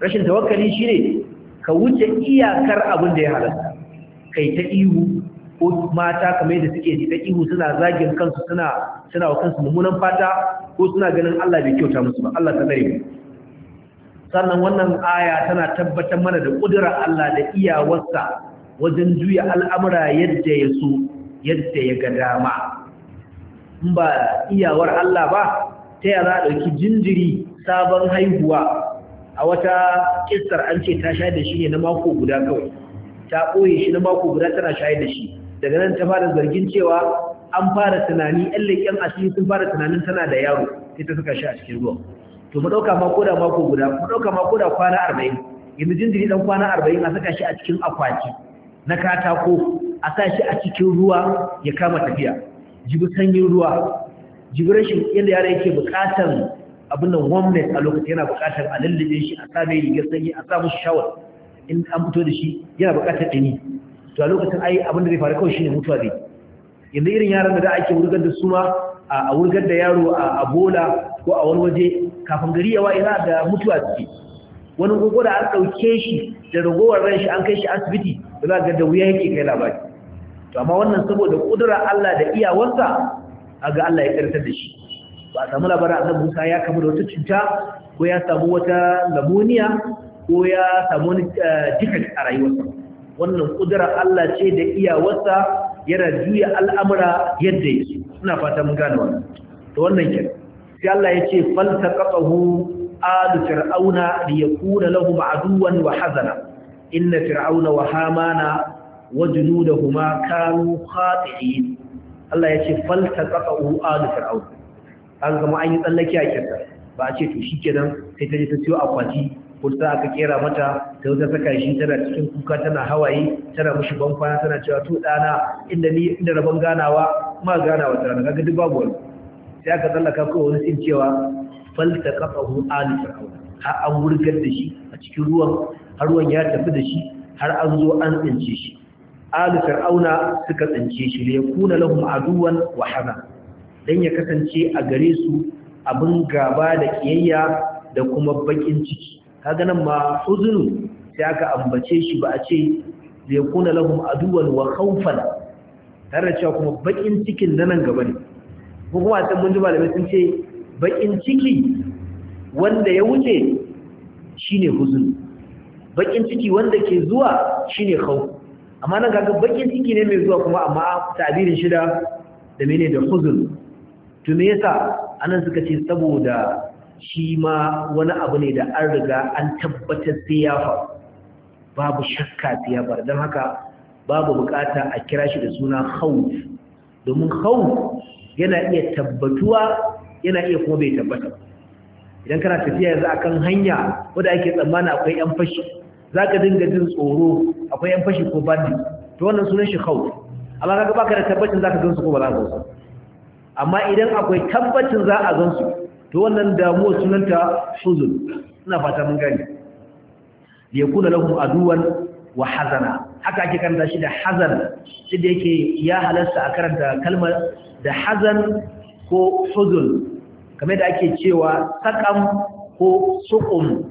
S1: rashin tawakkali shine ka wuce iyakar abin da ya halatta kai ta ihu ko mata kamar da suke ta ihu suna zagin kansu suna suna wa kansu mummunan fata ko suna ganin Allah bai kyauta musu ba Allah ta tsare mu sannan wannan aya tana tabbatar mana da ƙudurar Allah da iyawarsa wajen juya al'amura yadda ya so yadda ya ga dama in ba iyawar Allah ba ta yara ɗauki jinjiri sabon haihuwa a wata kistar an ce ta shayar da shi ne na mako guda kawai ta ɓoye shi na mako guda tana shayar da shi daga nan ta fara zargin cewa an fara tunani ƴan leƙen asiri sun fara tunanin tana da yaro sai ta suka shi a cikin ruwan to mu dauka ma koda mako guda mu dauka ma koda kwana 40 yanzu jinjiri dan kwana 40 a saka shi a cikin akwati na katako a sa shi a cikin ruwa ya kama tafiya jibi sanyin ruwa jibi rashin yadda yara yake bukatar abin nan warmness a lokaci yana bukatar a lullube shi a sa mai rigar sanyi a sa mushi shawar in an fito da shi yana bukatar ɗani to a lokacin ai abin da zai faru kawai shine mutuwa zai yanzu irin yaran da ake wurgar da su ma a wurgar da yaro a bola ko a wani waje kafin gari yawa yana da mutuwa suke wani gogo da an ɗauke shi da ragowar ran shi an kai shi asibiti ba za ga da wuya yake kai labari to amma wannan saboda kudura Allah da iyawarsa ga Allah ya karkar da shi ba samu labarin annabi Musa ya kamu da wata cuta ko ya samu wata lamoniya ko ya samu wani eh, defect a rayuwarsa wannan kudura Allah ce da iyawarsa yana juya al'amura yadda yake ina fata mun gane wannan to wannan kenan sai Allah ya ce faltaqatahu alu fir'auna liyakuna lahum aduwan wa hazana inna fir'auna wa hamana wa junudahuma kanu khati'in Allah ya ce faltaqatahu alu fir'auna an zama an yi tsallake a kirta ba a ce to shi kenan sai ta je ta siyo akwati kurta aka kera mata ta wuta saka shi tana cikin kuka tana hawaye tana mushi kwana, tana cewa to dana inda ni inda rabon ganawa kuma ganawa tana kaga duk babu wani sai aka tsallaka ko wani sin cewa falta kafa hu alu har an wurgar da shi a cikin ruwan har ruwan ya tafi da shi har an zo an tsince shi alu fir'auna suka tsince shi ne kuna lahum aduwan wa hana dan ya kasance a gare su abin gaba da kiyayya da kuma bakin ciki kaga nan ma uzunu sai aka ambace shi ba a ce zai kuna lahum aduwan wa khawfan tare cewa kuma bakin cikin nan gaba ne ko kuma a mun ji malamai sun ce bakin ciki wanda ya wuce shine huzun bakin ciki wanda ke zuwa shine hau. amma nan kaga bakin ciki ne mai zuwa kuma amma tabirin shida da mene da huzun to me yasa anan suka ce saboda shi ma wani abu ne da an riga an tabbatar sai ya babu shakka siyafa dan don haka babu bukata a kira shi da suna hau domin hau yana iya tabbatuwa yana iya kuma bai tabbata idan kana tafiya yanzu akan hanya wanda ake tsammana akwai yan fashi zaka dinga jin tsoro akwai yan fashi ko bandi to wannan sunan shi khawf amma kaga baka da tabbacin zaka su ko ba za ka gansu amma idan akwai tabbacin za a gansu to wannan damuwa sunanta huzun ina fata mun gani yakuna lahum aduwan wa hazana haka ake karanta shi da hazan shi da yake ya halasta a karanta kalmar da hazan ko huzun kamar da ake cewa sakam ko suƙum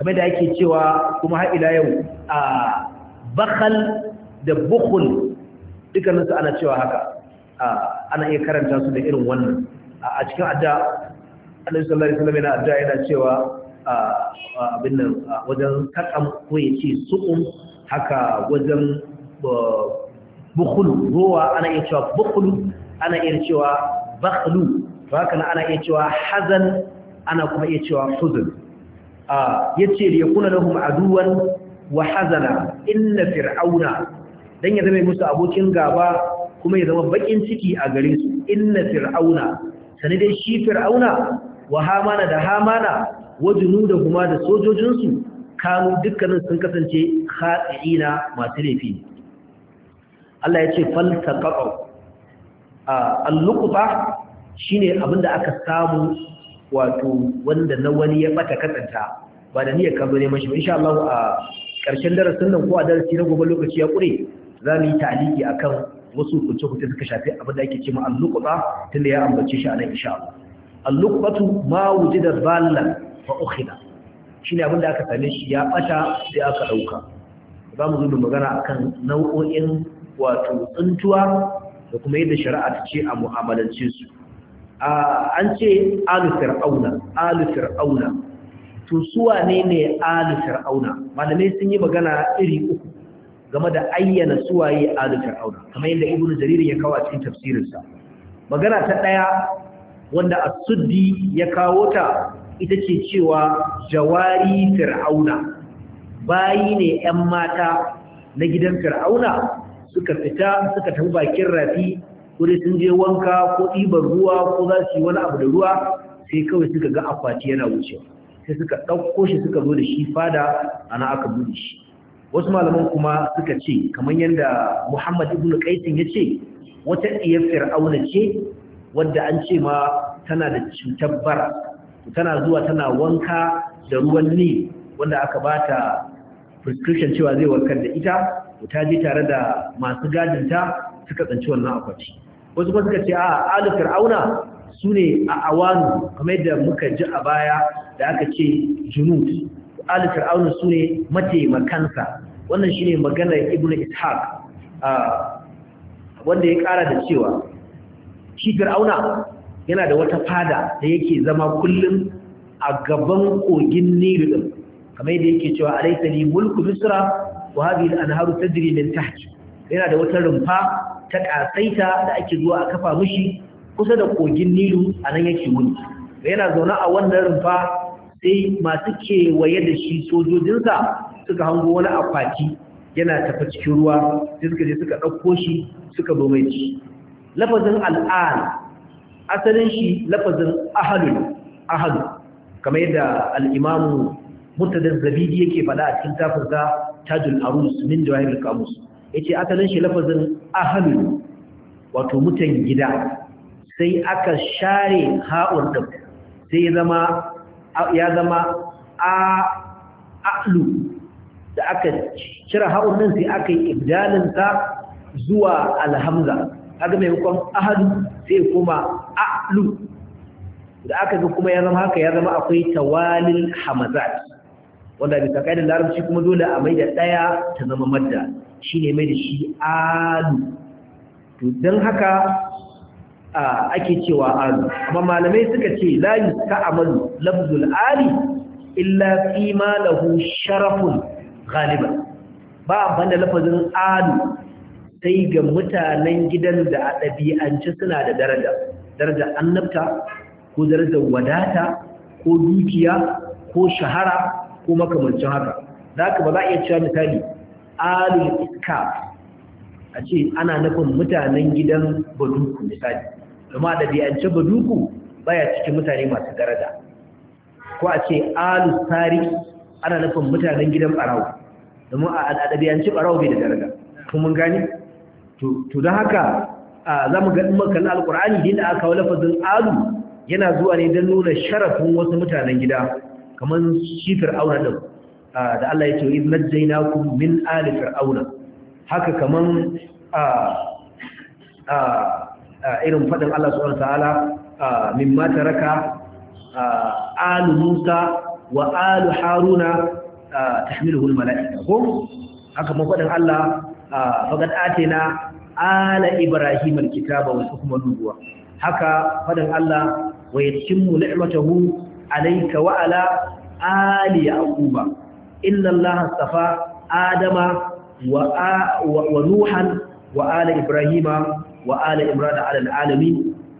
S1: kamar da ake cewa kuma haɗila yau a bakal da bukul dukkaninsu ana cewa haka ana iya karanta su da irin wannan a cikin adda alaihi sallallahu alaihi yana adda yana cewa abin nan wajen sakam ko ya ce suƙum haka wajen bukulu rowa ana iya cewa bukulu ana iya cewa bakulu to haka ana iya cewa hazan ana kuma iya cewa huzun ya ce da ya kuna lahum aduwan wa hazana inna fir'auna dan ya zama musu abokin gaba kuma ya zama bakin ciki a gare su inna fir'auna sani dai shi fir'auna wa hamana da hamana da kuma da sojojinsu kanu dukkanin sun kasance khati'ina masu laifi Allah ya ce falsaqatu al shi shine abinda aka samu wato wanda na wani ya ɓata katsanta ba da niyar kan neman shi ba insha Allah a ƙarshen darasin nan ko a darasi na gobe lokaci ya ƙure? za mu yi ta'aliki akan wasu kuce-kuce suka shafi abinda ake ma al-luqta tunda ya ambace shi a nan insha Allah al ma wujida dhallan fa shine abin da aka same shi ya ɓata sai aka ɗauka. za mu zo magana magana kan nau'o'in wato tsuntuwa da kuma yadda shari'a ta ce a mu'amalance su an ce alu auna. alu auna. to Suwa ne ne alu auna? malamai sun yi magana iri uku game da ayyana suwaye alu auna. kamar yadda Ibn jarir ya kawo a cikin tafsirinsa magana ta ɗaya wanda asuddi suddi ya kawo ta ita ce cewa jawari fir'auna bayi ne 'yan mata na gidan fir'auna suka fita suka tafi bakin rafi kuri sun je wanka ko ɗibar ruwa ko za su yi wani abu da ruwa sai kawai suka ga akwati yana wuce sai suka ɗauko shi suka zo da shi fada ana aka buɗe shi wasu malaman kuma suka ce kamar yadda muhammad ibn qaisin ya ce wata ɗiyar fir'auna ce wadda an ce ma tana da cutar bara tana zuwa tana wanka da ruwan ni wanda aka ba ta prescription cewa zai warkar da ita ta je tare da masu gadinta suka tsanci wannan akwati wasu kuma suka ce a alu fir'auna su ne a awanu kamar yadda muka ji a baya da aka ce junud alu fir'auna su ne mataimakansa wannan shine maganar ibn ishaq wanda ya kara da cewa shi fir'auna yana da wata fada da yake zama kullum a gaban kogin nilu din kamar yadda yake cewa alaysa li mulku misra wa hadhihi al-anharu tajri min tahti yana da wata rumfa ta kasaita da ake zuwa a kafa mushi kusa da kogin nilu a nan yake wuni yana zaune a wannan rumfa sai masu kewaye da shi sojojinsa suka hango wani akwati yana tafi cikin ruwa sai suka je suka ɗauko shi suka zo mai ci lafazin al'an asalin shi lafazin ahalu ahalu kamar yadda al-imamu mutadar zabidi yake faɗa a cikin tafinsa tajul arus min jawahir kamus yace asalin shi lafazin ahalu wato mutan gida sai aka share ha'ur din sai zama ya zama a da aka cire ha'ur din sai aka yi ibdalin zuwa alhamza kaga maimakon ahalu sai kuma aqlu da aka ga kuma ya zama haka ya zama akwai tawalin hamazat wanda bisa da larabci kuma dole a mai da daya ta zama madda shine mai da shi alu to dan haka ake cewa alu amma malamai suka ce la amalu lafzul ali illa fi ma lahu sharafun galiba. ba amfani da lafazin alu sai ga mutanen gidan da a ɗabi'ance suna da daraja darajar annabta ko darajar wadata ko dukiya ko shahara ko makamancin haka da haka ba za a iya cewa misali alul iska a ce ana nufin mutanen gidan baduku misali kuma da biyance baduku baya cikin mutane masu daraja ko a ce alul tari ana nufin mutanen gidan barawo domin a adabiyanci barawo bai da daraja kuma mun gani to don haka za mu ga ɗin na alƙur'ani da yadda aka kawo lafazin alu yana zuwa ne don nuna sharafin wasu mutanen gida kamar shi fir'auna ɗin da Allah ya ce yi najjaina ku min ali fir'auna haka kaman irin faɗin Allah subhanahu ta'ala min ma Raka, alu musa wa alu haruna tahmiluhu al-mala'ika ko haka mun faɗin Allah faqad atina ala ibrahim alkitaba wa hukma nubuwa haka fadan Allah wa yatimmu ni'matahu alayka wa ala ali yaquba inna Allah astafa adama wa wa nuhan wa ala ibrahima wa ala ala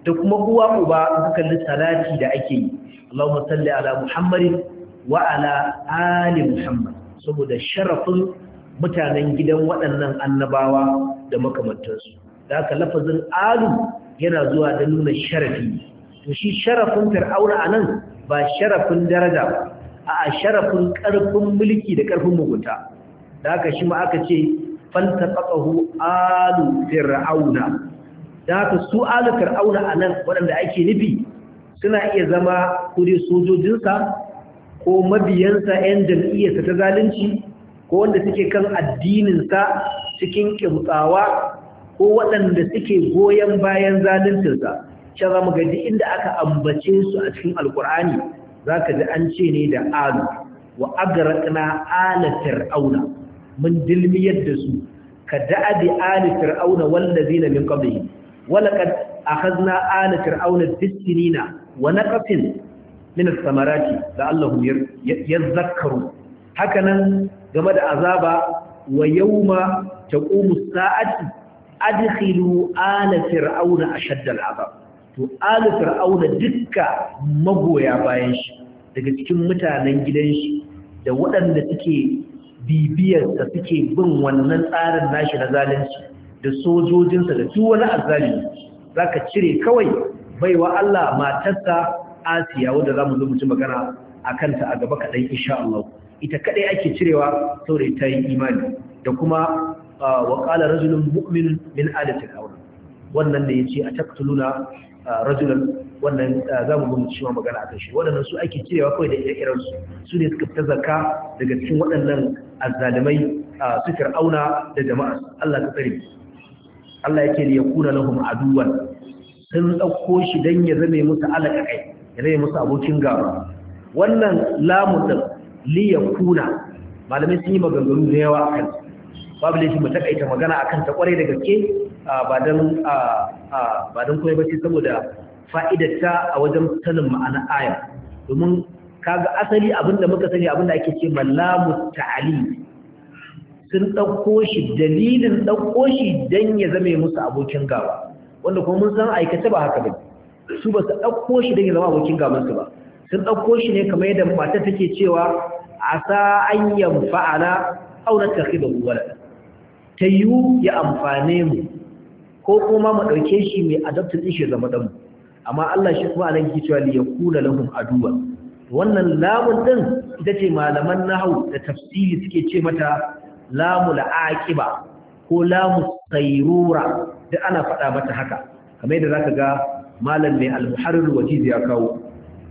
S1: da kuma uwa uba kalli salati da ake yi Allahumma salli ala Muhammadin wa ala ali Muhammad saboda sharafin mutanen gidan waɗannan annabawa da makamantansu da aka lafazin alu yana zuwa da nuna sharafi to shi sharafin fir'auna anan ba sharafin daraja ba a sharafin ƙarfin mulki da ƙarfin mugunta da aka shi ma aka ce faltaqahu alu fir'auna da aka su alu fir'auna a nan waɗanda ake nufi suna iya zama kudi sojojinsa ko mabiyansa 'yan jam'iyyarsa ta zalunci ko wanda suke kan addininsa cikin kirkawa ko waɗanda suke goyon bayan zaluncinsa can za mu ga inda aka ambace su a cikin alkur'ani za ka ji an ce ne da alu wa agarakna ala fir'auna mun dilmiyar da su ka da'adi ala fir'auna wallazina min qablihi ولقد أخذنا آل فرعون بالسنين ونقص من الثمرات لعلهم يذكرون هكذا game da azaba wa yawma taqumu sa'ati adkhilu ala fir'auna ashadda al'azab to ala fir'auna dukka magoya bayan shi daga cikin mutanen gidan shi da waɗanda suke da suke bin wannan tsarin nashi na zalunci da sojojinsa da duk wani azzalimi zaka cire kawai baiwa Allah matarsa Asiya wanda zamu zo mu ci magana akan ta a gaba kaɗan insha Allah ita kaɗai ake cirewa saboda ta yi imani da kuma wa qala rajulun mu'min min alifin fir'aun wannan da yace taktuluna rajulan wannan za mu gumi cewa magana akan shi waɗannan su ake cirewa kawai da ire-iren su su ne suka fita zakka daga cikin waɗannan azzalimai su fir'auna da jama'a Allah ka tsare Allah yake ya kuna lahum aduwan sun ɗauko shi dan ya zame musu alaka kai ya zame musu abokin gaba wannan lamun din li yakuna malamai sun yi maganganu da yawa akan babu laifin mu takaita magana akan ta kwarai da gaske ba don ba don kuma ba saboda fa'idarta a wajen sanin ma'ana aya domin kaga asali abinda muka sani abinda ake ce mallamu ta'ali sun dauko shi dalilin dauko shi don ya zame musu abokin gaba wanda kuma mun san aikace ba haka ba su ba su ɗauko shi don ya zama abokin gabansu ba sun ɗauko shi ne kamar yadda mata take cewa a sa an yamfa auna ta da ta yiwu ya amfane mu ko kuma mu ɗauke shi mai adaptin ɗin shi zama ɗanmu amma Allah shi kuma anan ke cewa li yakuna lahum aduwa wannan lamun ɗin ita ce malaman nahau da tafsiri suke ce mata lamu la'aƙiba ko lamu sayrura da ana faɗa mata haka kamar yadda zaka ga malam mai al-muharrir wajiz ya kawo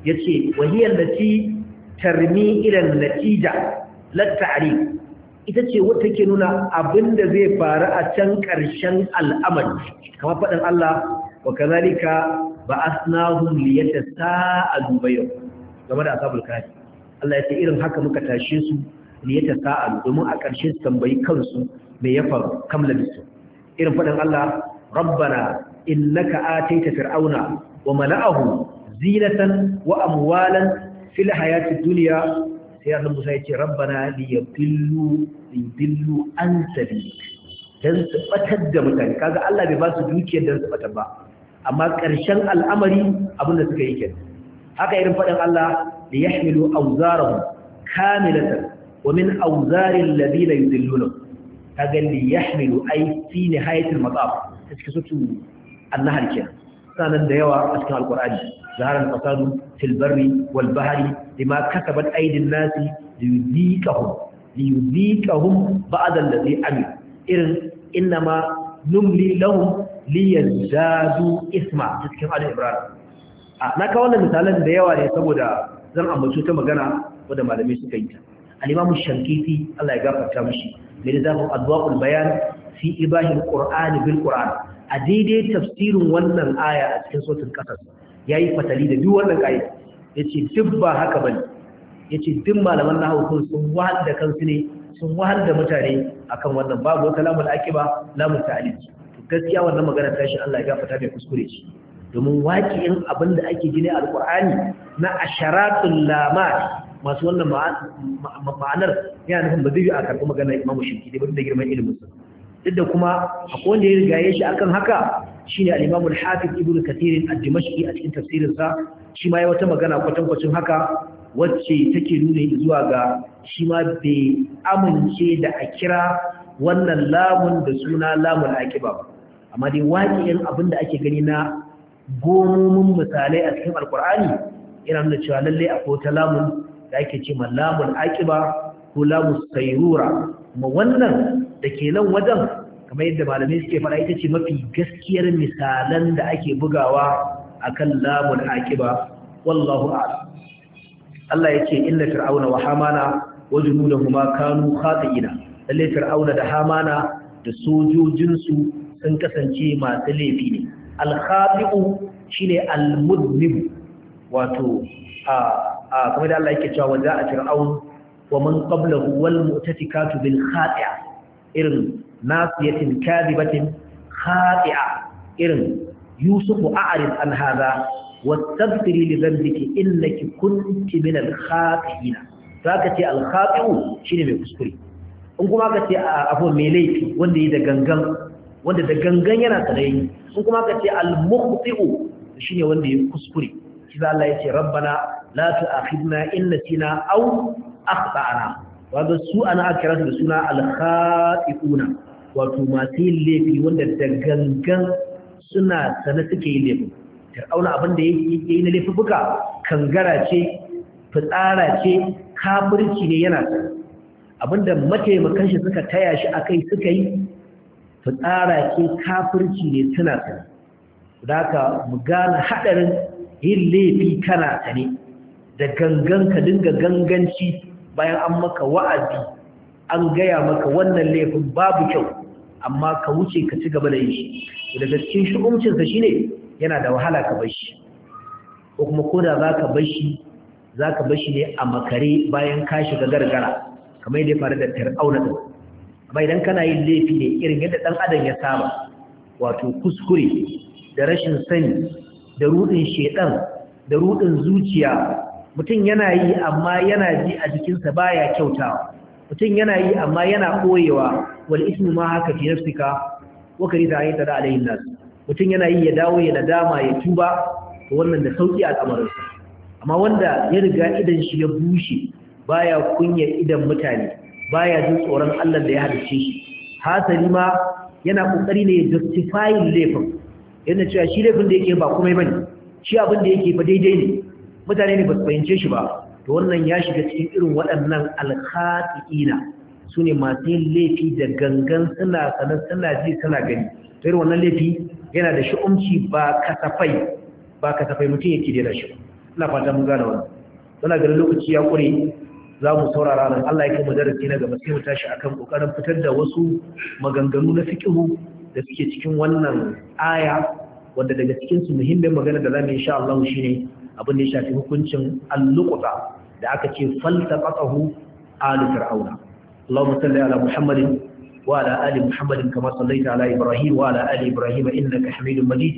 S1: yace wahiyal lati tarmi ila natija lat ta'rif ita ce wata ke nuna abin da zai faru a can ƙarshen al'amari Kama faɗin Allah wa kazalika ba asnahum liyata sa'a dubayau game da asabul kafi Allah ya ce irin haka muka tashe su liyata sa'a domin a ƙarshe su tambayi kansu mai ya faru kam labisu irin faɗin Allah rabbana innaka ataita fir'auna wa mala'ahu zinatan wa amwalan fil hayatid duniya sai annabi Musa ya ce rabbana li yadillu yadillu an sabili dan su batar da mutane kaga Allah bai ba su dukiyar dan su batar ba amma ƙarshen al'amari abin da suka yi kenan haka irin faɗin Allah da yahmilu awzarahum kamilatan wa min awzaril ladina yudilluna kaga li yahmilu ay fi nihayatil mataf cikin sutu annahar kenan sanan da yawa a cikin alqur'ani ظهر الفساد في البر والبحر بما كسبت أيدي الناس ليذيقهم ليذيقهم بعد الذي عمل إذن إنما نملي لهم ليزدادوا إثما cikin Ali Ibrahim na kawo wannan misalan da yawa ne saboda zan ambaci ta magana wanda malamai suka yi ta al-Imam Shankiti Allah ya gafarta mishi mai zafin adwaqul bayan fi ibahil qur'ani bil a daidai tafsirin wannan aya a cikin sautin kasar ya yi fatali da duk wannan ƙa'ida ya ce duk ba haka ba ne ya ce duk malaman na hausun sun wahal da kansu ne sun wahal da mutane a kan wannan babu wata lamun ba, lamun ta'aliki gaskiya wannan magana shi Allah ya gafata mai kuskure shi domin in abin da ake gine alƙur'ani na asharatun lamar masu wannan ma'anar yana nufin ba zai yi a karɓi maganar imamu shirki da da girman ilimin su duk da kuma a kowane ya rigaye shi akan haka shine al-Imam al-Hafiz Ibn Kathir al-Dimashqi a cikin tafsirinsa shi ma ya wata magana kwatankwacin haka wacce take nuna zuwa ga shi ma bai amince da a kira wannan lamun da suna lamun akiba ba amma dai waƙiyin abin da ake gani na gomomin misalai a cikin alkur'ani yana nuna cewa lallai akwai ta lamun da ake ce ma lamun akiba ko lamun sairura kuma wannan da ke nan wajen kamar yadda malamai suke fara ita ce mafi gaskiyar misalan da ake bugawa a kan lamun akiba wallahu a'lam Allah yake inna fir'auna wa hamana wa junudahuma kanu khati'ina lalle fir'auna da hamana da sojojinsu sun kasance masu laifi ne al-khati'u shine al-mudnib wato a kamar da Allah yake cewa wa za'a fir'aun wa man qablahu wal mu'tafikatu bil khati'a irin nasiyatin kadibatin khati'a irin yusufu a'rid an hada wastaghfiri li dhanbiki innaki kunti min al-khati'ina zaka ce al-khati'u shine mai kuskure in kuma ka ce abu mai laifi wanda yi da gangan wanda da gangan yana sanayi in kuma ka ce al-mukhti'u shine wanda yi kuskure shi da Allah yace rabbana la tu'akhidna in nasina aw akhtana wanda su ana akira da suna al-khati'una wato masu yin laifi wanda da gangan suna sana suke yin laifin fir'auna abin da yake yi na laifuka kangara ce fitsara ce kafirci ne yana sana da mataimakan shi suka taya shi a kai suka yi fitsara ce kafirci ne suna sana da ka mu gane haɗarin yin laifi kana sane da gangan ka dinga ganganci bayan an maka wa'azi an gaya maka wannan laifin babu kyau amma ka wuce ka ci gaba da yi shi daga cikin shi ne? yana da wahala ka bar shi ko kuma ko da za ka bar shi za bar shi ne a makare bayan ka shiga gargara kamar yadda ya faru da tar'auna ɗin amma idan kana yin laifi ne irin yadda ɗan adam ya saba wato kuskure da rashin sani da ruɗin shaiɗan da ruɗin zuciya mutum yana yi amma yana ji a jikinsa baya kyautawa mutum yana yi amma yana koyewa wal ismu ma haka fi nafsika wa ta ayi tada alayhin nas mutum yana yi ya dawo ya nadama ya tuba to wannan da sauki al'amarin amma wanda ya riga idan shi ya bushe baya kunya idan mutane baya jin tsoron Allah da ya halice shi hasali ma yana kokari ne ya justify laifin yana cewa shi laifin da yake ba komai bane shi abin da yake ba daidai ne mutane ne ba su fahimce shi ba to wannan ya shiga cikin irin waɗannan alkhati'ina su ne masu yin laifi da gangan suna sanar suna ji suna gani to irin wannan laifi yana da shi'umci ba kasafai ba kasafai mutum yake daina shi ina fata mun gane wannan Suna ganin lokaci ya ƙure za mu saurara nan Allah ya kai mu darasi na gaba sai mu tashi akan kokarin fitar da wasu maganganu na fiqhu da suke cikin wannan aya wanda daga cikin su muhimmin magana da zamu insha Allah ne. abin da ya shafi hukuncin allukuta da aka ce faltaqatahu alu fir'auna Allahumma salli ala Muhammadin wa ala ali Muhammadin kama sallaita ala Ibrahim wa ala ali Ibrahim ka Hamidum Majid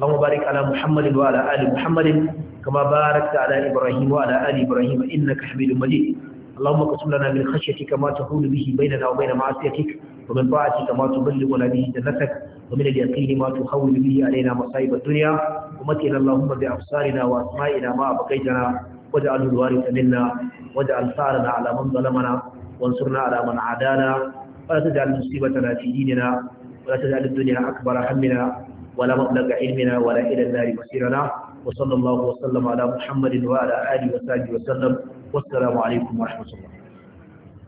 S1: Allahumma barik ala Muhammadin wa ala ali Muhammadin kama barakta ala Ibrahim wa ala ali Ibrahim ka Hamidum Majid اللهم اقسم لنا من خشيتك ما تحول به بيننا وبين معصيتك ومن طاعتك ما تبلغنا به جنتك ومن اليقين ما تحول به علينا مصائب الدنيا ومتنا اللهم بأبصارنا وأسمائنا ما بقيتنا واجعله الوارث منا واجعل ثارنا على من ظلمنا وانصرنا على من عادانا ولا تجعل مصيبتنا في ديننا ولا تجعل الدنيا أكبر همنا ولا مبلغ علمنا ولا إلى النار مصيرنا وصلى الله وسلم على محمد وعلى آله وصحبه وسلم والسلام عليكم ورحمة الله